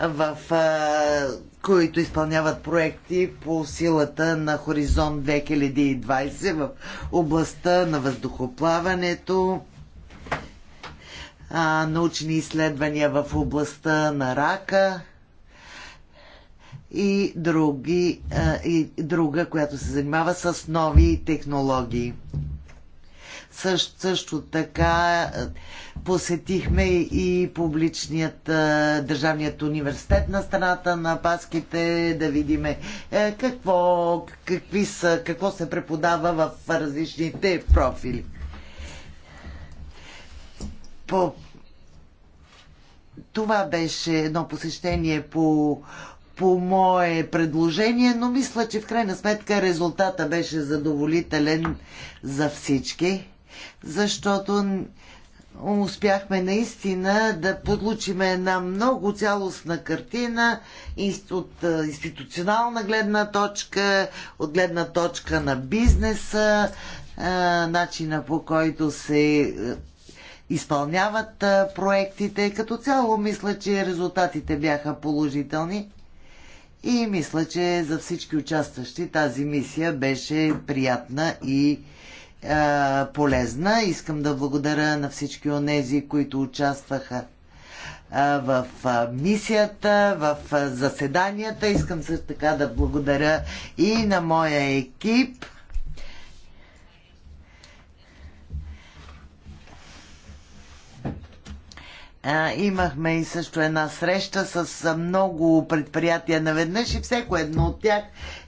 в а, които изпълняват проекти по силата на Хоризонт 2020 в областта на въздухоплаването, а, научни изследвания в областта на рака и, други, а, и друга, която се занимава с нови технологии. Също, също така е, посетихме и публичният е, държавният университет на страната на Паските, да видим е, какво, какви са, какво се преподава в различните профили. По... Това беше едно посещение по, по мое предложение, но мисля, че в крайна сметка резултата беше задоволителен за всички защото успяхме наистина да получим една много цялостна картина от институционална гледна точка, от гледна точка на бизнеса, начина по който се изпълняват проектите. Като цяло мисля, че резултатите бяха положителни и мисля, че за всички участващи тази мисия беше приятна и е, полезна. Искам да благодаря на всички онези, които участваха е, в е, мисията, в заседанията. Искам също така да благодаря и на моя екип. А, имахме и също една среща с много предприятия наведнъж и всяко едно от тях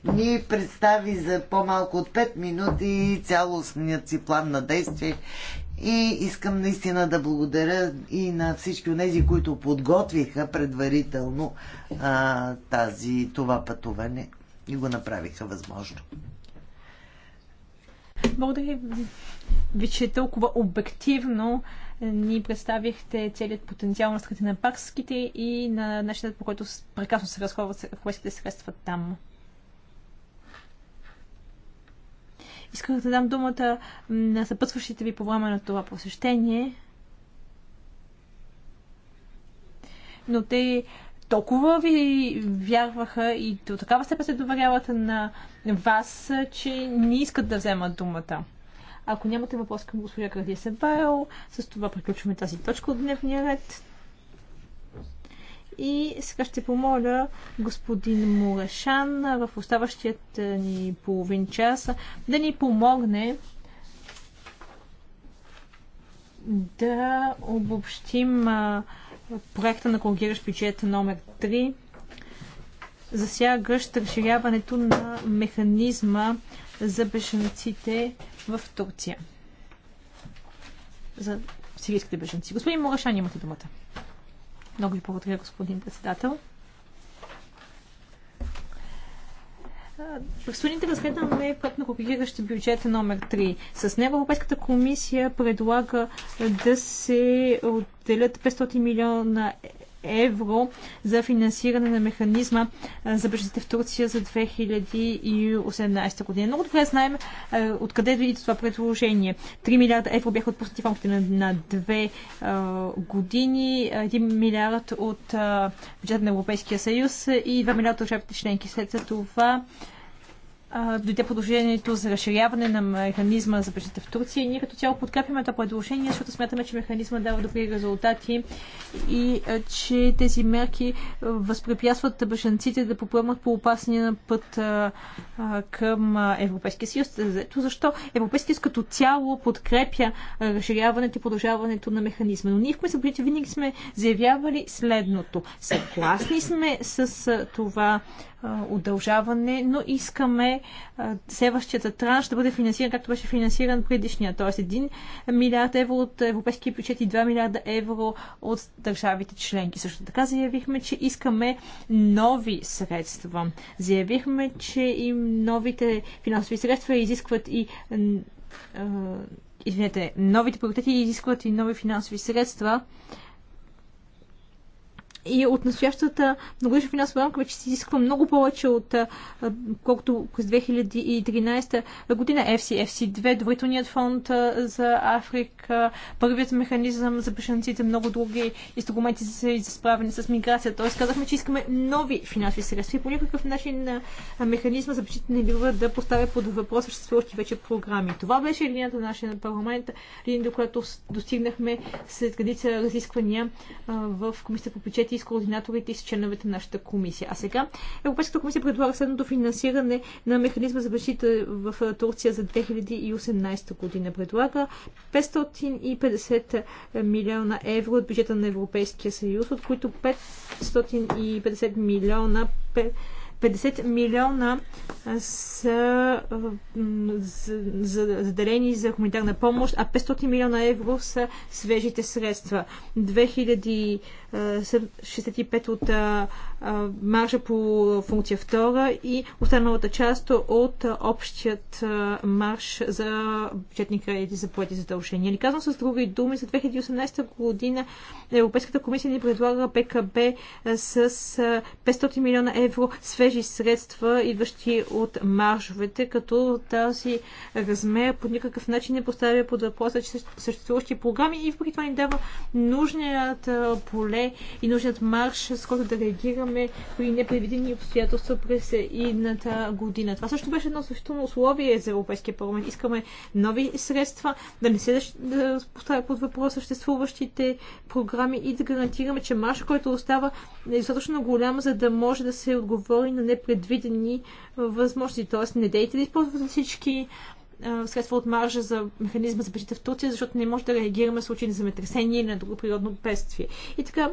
ни представи за по-малко от 5 минути цялостният си план на действие. И искам наистина да благодаря и на всички от тези, които подготвиха предварително а, тази, това пътуване и го направиха възможно. Благодаря ви, че толкова обективно ни представихте целият потенциал на страните на парските и на начинът по който прекрасно се разходват европейските средства там. Исках да дам думата на съпътстващите ви по време на това посещение. Но те толкова ви вярваха и до такава степен се доверяват на вас, че не искат да вземат думата. Ако нямате въпрос към госпожа Градия Себайл, с това приключваме тази точка от дневния ред. И сега ще помоля господин Мурешан в оставащият ни половин час да ни помогне да обобщим проекта на коригиращ бюджет номер 3, засягащ разширяването на механизма за бежанците в Турция. За сирийските бежанци. Господин Мурашан, имате думата. Много ви благодаря, господин председател. Престоните разгледаме пътно коригиращи бюджета номер 3. С него Европейската комисия предлага да се отделят 500 милиона евро за финансиране на механизма за бежите в Турция за 2018 година. Много добре знаем откъде дойде това предложение. 3 милиарда евро бяха отпуснати в рамките на, на две а, години, 1 милиард от бюджета на Европейския съюз и 2 милиарда от държавите членки. След това дойде предложението за разширяване на механизма за бежите в Турция. ние като цяло подкрепяме това предложение, защото смятаме, че механизма дава добри резултати и че тези мерки възпрепятстват бежанците да попълнат по опасния път към Европейския съюз. Ето защо Европейския съюз като цяло подкрепя разширяването и продължаването на механизма. Но ние в Комисията винаги сме заявявали следното. Съгласни сме с това удължаване, но искаме следващията транш да бъде финансиран както беше финансиран предишния, т.е. 1 милиард евро от европейския бюджет и 2 милиарда евро от държавите членки. Също така заявихме, че искаме нови средства. Заявихме, че и новите финансови средства изискват и извинете, новите приоритети изискват и нови финансови средства и от настоящата многогодишна финансова рамка вече се изисква много повече от колкото през 2013 година FC, FC2, Доверителният фонд за Африка, първият механизъм за бешенците, много други инструменти за, за справяне с миграция. Тоест казахме, че искаме нови финансови средства и по някакъв начин механизма за бешенците не бива да поставя под въпрос съществуващи вече програми. Това беше линията на нашия парламент, линия, до която достигнахме след редица разисквания в Комисията по бюджет и с координаторите и с членовете на нашата комисия. А сега Европейската комисия предлага следното финансиране на механизма за защита в Турция за 2018 година. Предлага 550 милиона евро от бюджета на Европейския съюз, от които 550 милиона 50 милиона са заделени за хуманитарна помощ, а 500 милиона евро са свежите средства. 2065 от маржа по функция 2 и останалата част от общият марш за бюджетни кредити за поети задължения. Или казвам с други думи, за 2018 година Европейската комисия ни предлага ПКБ с 500 милиона евро свежи свежи средства, идващи от маржовете, като тази размер по никакъв начин не поставя под въпроса, че съществуващи програми и въпреки това ни дава нужният поле и нужният марш, с който да реагираме при непредвидени обстоятелства през едната година. Това също беше едно съществено условие за Европейския парламент. Искаме нови средства, да не се да поставя под въпрос съществуващите програми и да гарантираме, че марш, който остава е достатъчно голям, за да може да се отговори на на непредвидени възможности. Т.е. не дейте да използвате всички средства от маржа за механизма за защита в Турция, защото не може да реагираме в случай на земетресение или на друго природно бедствие. И така,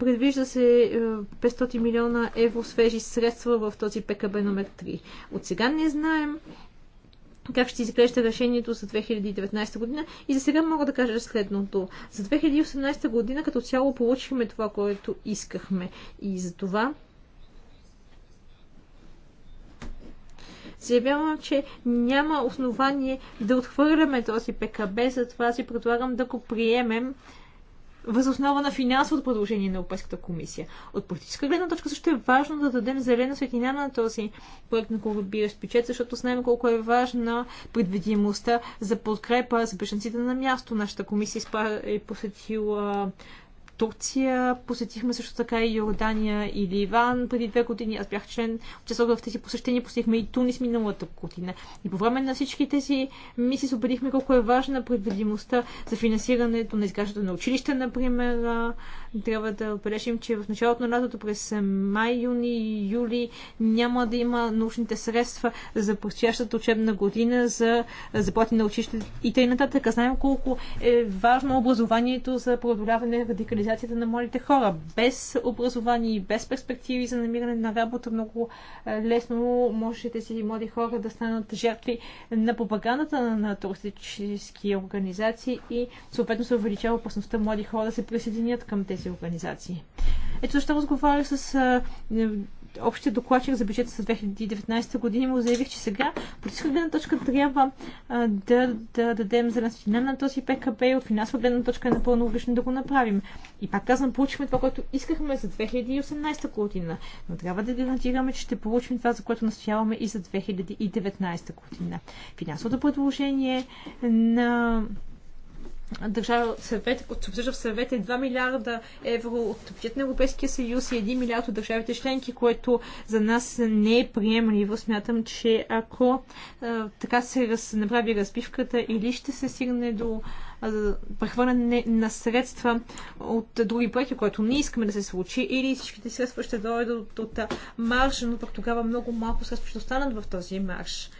предвижда се 500 милиона евро свежи средства в този ПКБ номер 3. От сега не знаем как ще изглежда решението за 2019 година. И за сега мога да кажа следното. За 2018 година като цяло получихме това, което искахме. И за това заявявам, че няма основание да отхвърляме този ПКБ, затова си предлагам да го приемем възоснова на финансовото предложение на Европейската комисия. От политическа гледна точка също е важно да дадем зелена светлина на този проект на корабиращ бюджет, защото знаем колко е важна предвидимостта за подкрепа за бежанците на място. Нашата комисия е посетила Турция, посетихме също така и Йордания и Ливан преди две години. Аз бях член, участвах в тези посещения, посетихме и Тунис миналата година. И по време на всички тези мисии се убедихме колко е важна предвидимостта за финансирането на изграждането на училища, например, трябва да отбележим, че в началото на лятото през май, юни и юли няма да има научните средства за предстоящата учебна година, за заплати на училище и т.н. Знаем колко е важно образованието за преодоляване на радикализацията на младите хора. Без образование и без перспективи за намиране на работа много е, лесно може тези млади хора да станат жертви на пропагандата на туристически организации и съответно се увеличава опасността млади хора да се присъединят към тези тези организации. Ето защо разговарях с е, общия докладчик за бюджета за 2019 година му заявих, че сега политическа гледна точка трябва а, да, да дадем за наследина на този ПКБ и от финансова гледна точка е напълно логично да го направим. И пак казвам, получихме това, което искахме за 2018 година, но трябва да гарантираме, че ще получим това, за което настояваме и за 2019 година. Финансовото предложение на държава съвет, от се обсъжда в съвет е 2 милиарда евро от бюджет на Европейския съюз и 1 милиард от държавите членки, което за нас не е приемливо. Смятам, че ако а, така се раз, направи разбивката или ще се стигне до прехвърляне на средства от други проекти, което не искаме да се случи, или всичките средства ще дойдат от, от марш, но пък тогава много малко средства ще останат в този марш.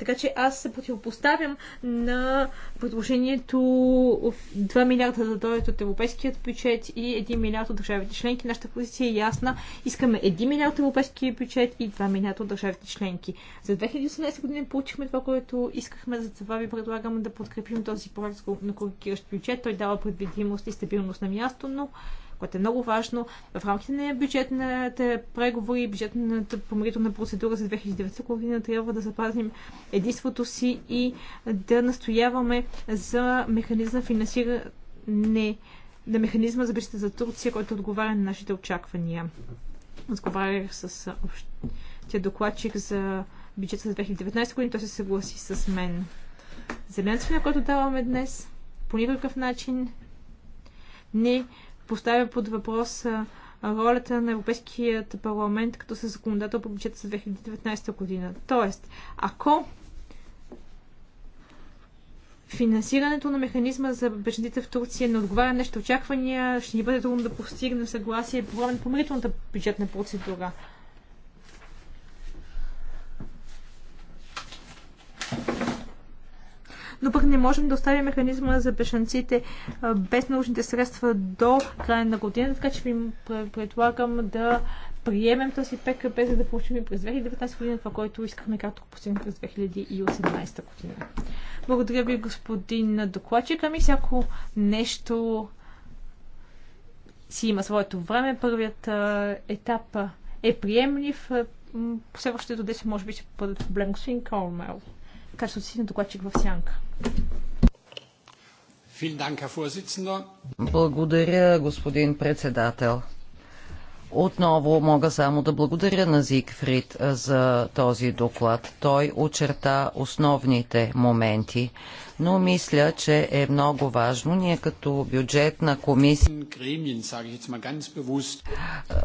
Така че аз се противопоставям на предложението 2 милиарда да дойдат от европейският бюджет и 1 милиард от държавите членки. Нашата позиция е ясна. Искаме 1 милиард от европейския бюджет и 2 милиарда от държавите членки. За 2018 година получихме това, което искахме. За това ви предлагам да подкрепим този проект на коригиращ бюджет. Той дава предвидимост и стабилност на място, но което е много важно в рамките на бюджетните преговори бюджетната помирителна процедура за 2009 година трябва да запазим единството си и да настояваме за механизъм финансиране на механизма за бюджета за Турция, който отговаря на нашите очаквания. Разговарях с общия докладчик за бюджета за 2019 година, той се съгласи с мен. Зеленството, което даваме днес, по никакъв начин не поставя под въпрос ролята на Европейският парламент като се законодател по бюджета за 2019 година. Тоест, ако финансирането на механизма за бежанците в Турция не отговаря нещо очаквания, ще ни бъде трудно да постигнем съгласие по време на помирителната бюджетна процедура. но пък не можем да оставим механизма за бешенците без научните средства до края на годината, така че ви предлагам да приемем този ПКБ, за да получим и през 2019 година това, което искахме, както го постигнем през 2018 година. Благодаря ви, господин докладчик. Ами всяко нещо си има своето време. Първият етап е приемлив. Следващите 10 може би ще бъдат проблем. Господин Кормел качеството си на докладчик в Сянка. Благодаря, господин председател. Отново мога само да благодаря на Зигфрид за този доклад. Той очерта основните моменти, но мисля, че е много важно ние като бюджетна комисия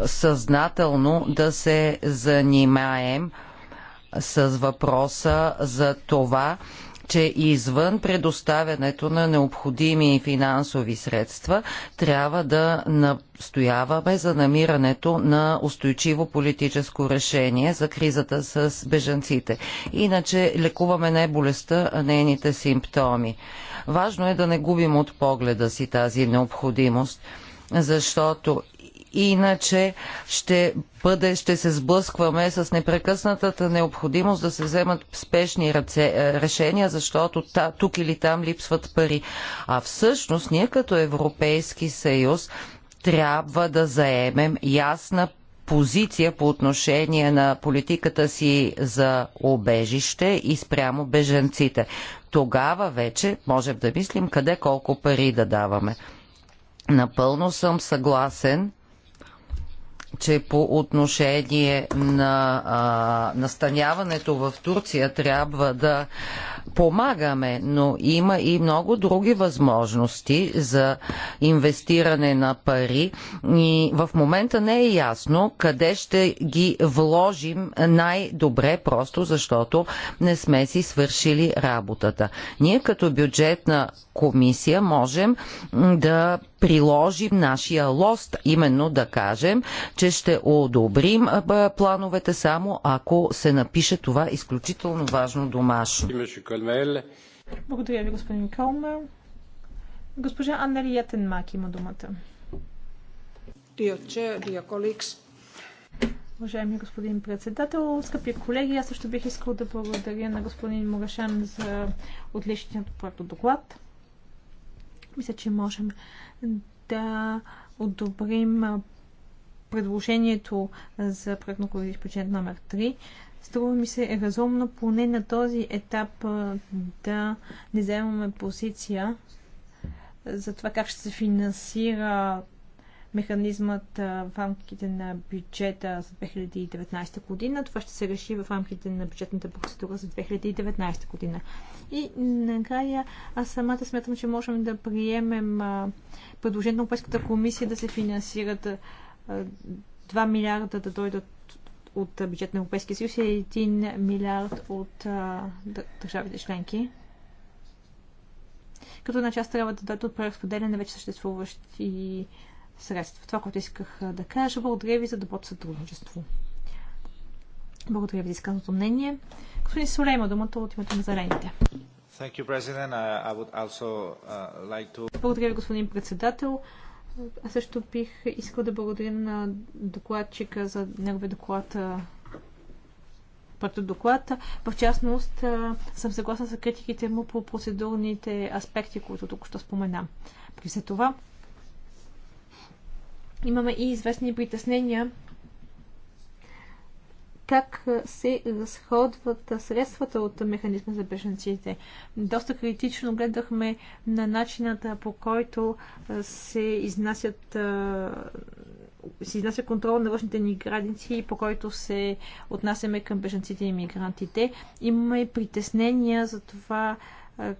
съзнателно да се занимаем с въпроса за това, че извън предоставянето на необходими финансови средства трябва да настояваме за намирането на устойчиво политическо решение за кризата с бежанците. Иначе лекуваме не болестта, а нейните симптоми. Важно е да не губим от погледа си тази необходимост защото Иначе ще бъде, ще се сблъскваме с непрекъснатата необходимост да се вземат спешни е, решения, защото тук или там липсват пари. А всъщност ние като Европейски съюз трябва да заемем ясна позиция по отношение на политиката си за обежище и спрямо беженците. Тогава вече можем да мислим къде колко пари да даваме. Напълно съм съгласен че по отношение на а, настаняването в Турция трябва да помагаме, но има и много други възможности за инвестиране на пари и в момента не е ясно къде ще ги вложим най-добре, просто защото не сме си свършили работата. Ние като бюджетна комисия можем да приложим нашия лост, именно да кажем, че ще одобрим плановете само ако се напише това изключително важно домашно. Благодаря ви, господин Кълмел. Госпожа Аннели Ятенмак има думата. Dear chair, dear colleagues, Уважаеми господин председател, скъпи колеги, аз също бих искал да благодаря на господин Мурашан за отличният проект доклад. Мисля, че можем да одобрим предложението за проектно бюджет номер 3. Струва ми се е разумно поне на този етап да не вземаме позиция за това как ще се финансира механизмът в рамките на бюджета за 2019 година. Това ще се реши в рамките на бюджетната процедура за 2019 година. И накрая аз самата смятам, че можем да приемем предложението на Европейската комисия да се финансират 2 милиарда да дойдат от бюджет на Европейския съюз е и 1 милиард от държавите членки. Като една част трябва да дадат от преразпределяне на вече съществуващи средства. Това, което исках да кажа, благодаря ви за доброто сътрудничество. Благодаря ви за изказаното мнение. Господин Соле думата от името на зелените. Uh, благодаря ви, господин председател. Аз също бих искал да благодаря на докладчика за неговия доклад доклад. В частност, съм съгласна с критиките му по процедурните аспекти, които тук ще спомена. При след това имаме и известни притеснения как се разходват средствата от механизма за бежанците. Доста критично гледахме на начината по който се изнасят се изнася контрол на външните ни граници, по който се отнасяме към беженците и мигрантите. Имаме притеснения за това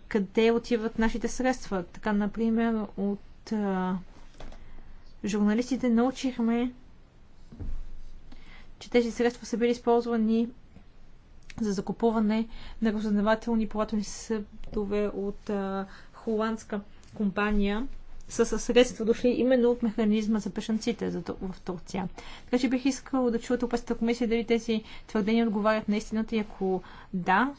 къде отиват нашите средства. Така, например, от журналистите научихме, че тези средства са били използвани за закупуване на разузнавателни плавателни съдове от а, холандска компания със средства дошли именно от механизма за бешенците в Турция. Така че бих искала да чуя опасната комисия дали тези твърдения отговарят на истината и ако да,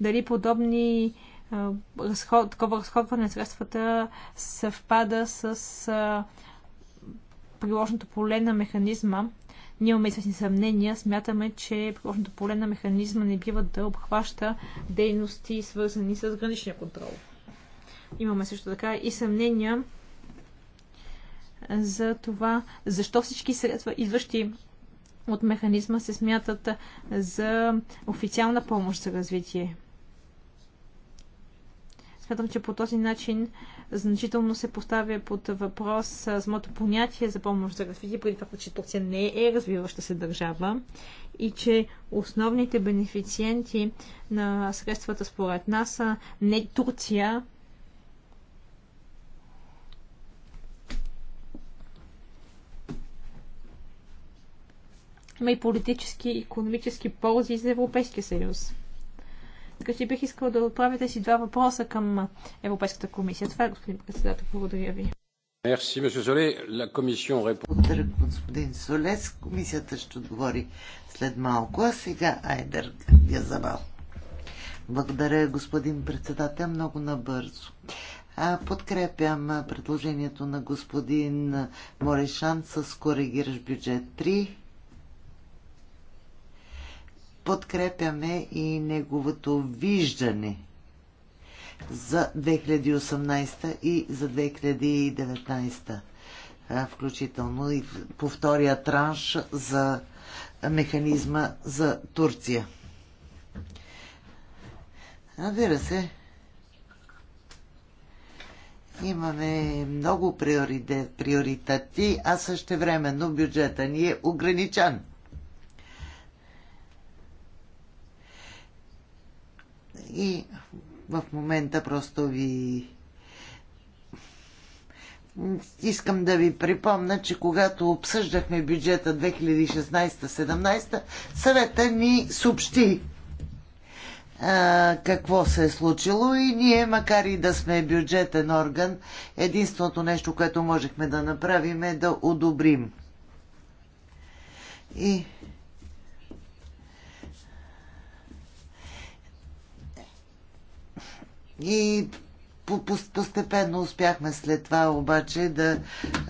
дали подобни а, разход, такова разходване на средствата съвпада с а, приложното поле на механизма ние имаме известни съмнения. Смятаме, че приложното поле на механизма не бива да обхваща дейности, свързани с граничния контрол. Имаме също така и съмнения за това, защо всички средства, идващи от механизма, се смятат за официална помощ за развитие. Смятам, че по този начин значително се поставя под въпрос самото понятие за помощ за развитие, преди факта, че Турция не е развиваща се държава и че основните бенефициенти на средствата според нас са не Турция, има и политически и економически ползи за Европейския съюз. Така че бих искала да отправите си два въпроса към Европейската комисия. Това е, господин председател. Благодаря ви. Merci, monsieur Solé. La commission répond. Благодаря, господин Солес. Комисията ще отговори след малко, а сега Айдер Газабал. Благодаря, господин председател, много набързо. Подкрепям предложението на господин Морешан с коригираш бюджет 3 подкрепяме и неговото виждане за 2018 и за 2019, включително и по втория транш за механизма за Турция. Разбира се, имаме много приоритети, а също времено бюджета ни е ограничен. И в момента просто ви искам да ви припомня, че когато обсъждахме бюджета 2016-17, съвета ни съобщи а, какво се е случило и ние, макар и да сме бюджетен орган, единственото нещо, което можехме да направим е да одобрим. И И постепенно успяхме след това обаче да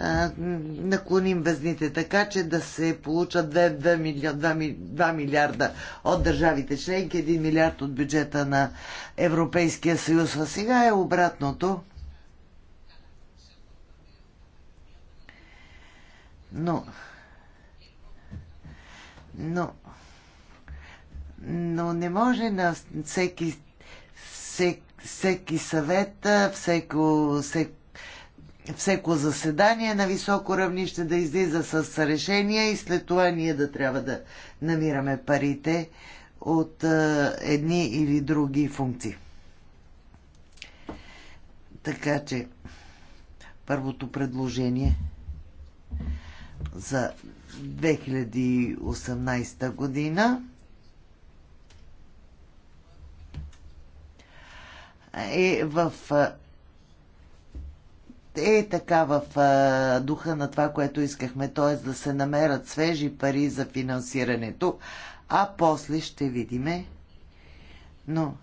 а, наклоним везните така, че да се получат 2, 2, милиарда, 2, 2 милиарда от държавите членки, 1 милиард от бюджета на Европейския съюз. А сега е обратното. Но. Но. Но не може на всеки всеки всеки съвет, всеко, всеко всеко заседание на високо равнище да излиза с решение, и след това ние да трябва да намираме парите от а, едни или други функции. Така че, първото предложение за 2018 година е в е така в а, е, духа на това, което искахме, т.е. да се намерят свежи пари за финансирането, а после ще видиме. Но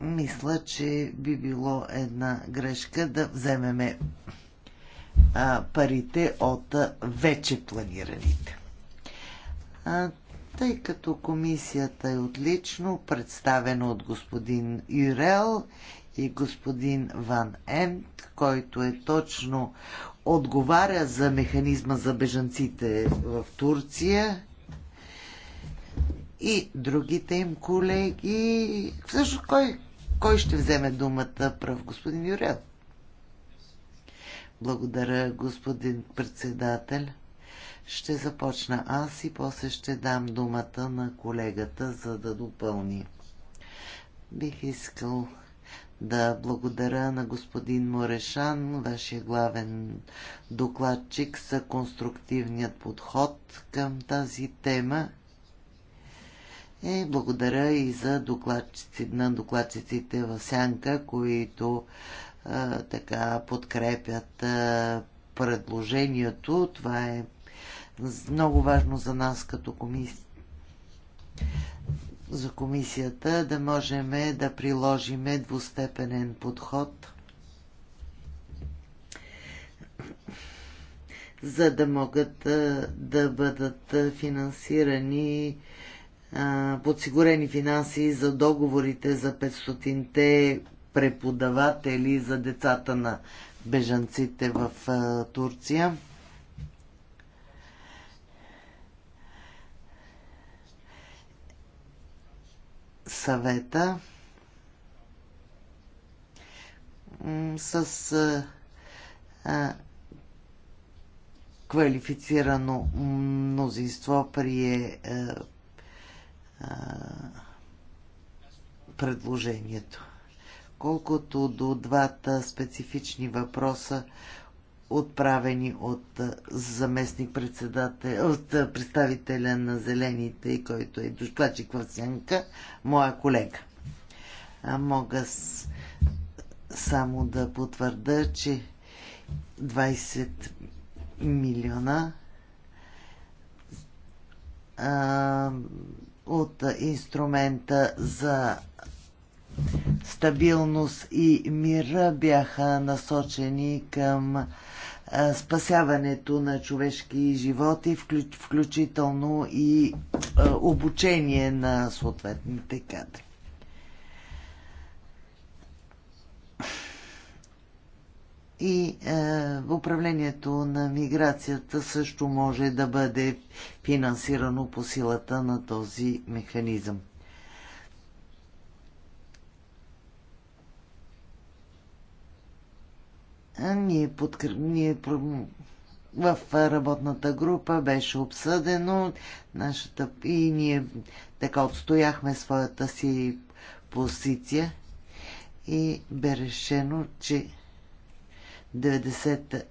мисля, че би било една грешка да вземеме а, парите от а, вече планираните. А, тъй като комисията е отлично представена от господин Юрел и господин Ван Ент, който е точно отговаря за механизма за бежанците в Турция и другите им колеги. Всъщност, кой, кой ще вземе думата прав, господин Юрел? Благодаря, господин председател. Ще започна аз и после ще дам думата на колегата, за да допълни. Бих искал да благодаря на господин Морешан, вашия главен докладчик, за конструктивният подход към тази тема. И е, благодаря и за докладчици, на докладчиците в Сянка, които а, така подкрепят а, предложението. Това е много важно за нас като комисия за комисията да можем да приложим двустепенен подход, за да могат да бъдат финансирани подсигурени финанси за договорите за 500-те преподаватели за децата на бежанците в Турция. съвета с а, квалифицирано мнозинство прие а, а, предложението. Колкото до двата специфични въпроса, отправени от заместник председател, от представителя на Зелените, който е докладчик в Сянка, моя колега. А мога с... само да потвърда, че 20 милиона а, от инструмента за стабилност и мира бяха насочени към спасяването на човешки животи, включително и обучение на съответните кадри. И е, управлението на миграцията също може да бъде финансирано по силата на този механизъм. Ние, подкр... Ние в работната група беше обсъдено нашата и ние така отстояхме своята си позиция и бе решено, че 90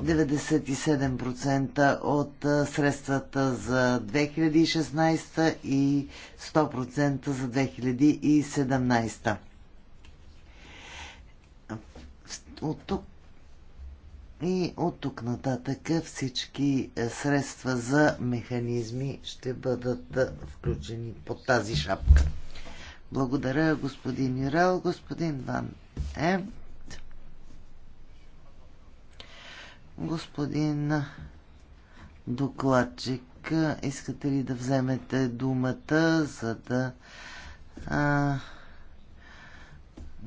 97% от средствата за 2016 и 100% за 2017. От тук и от тук нататък всички средства за механизми ще бъдат включени под тази шапка. Благодаря господин Юрел, господин Ван Ем. Господин докладчик, искате ли да вземете думата, за да а,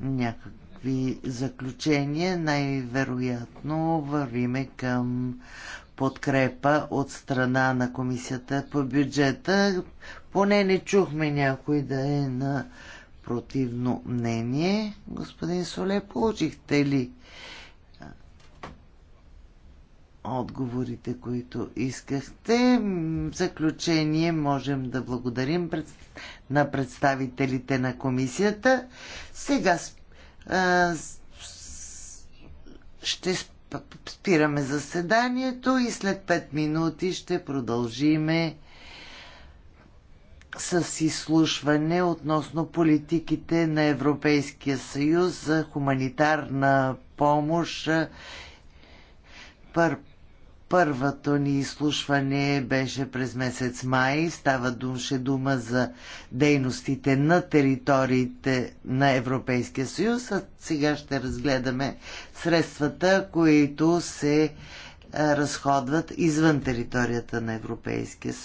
някакви заключения? Най-вероятно вървиме към подкрепа от страна на комисията по бюджета. Поне не чухме някой да е на противно мнение. Господин Соле, получихте ли? отговорите, които искахте. В заключение можем да благодарим на представителите на комисията. Сега ще спираме заседанието и след 5 минути ще продължиме с изслушване относно политиките на Европейския съюз за хуманитарна помощ Първ Първото ни изслушване беше през месец май. Става думше дума за дейностите на териториите на Европейския съюз. А сега ще разгледаме средствата, които се разходват извън територията на Европейския съюз.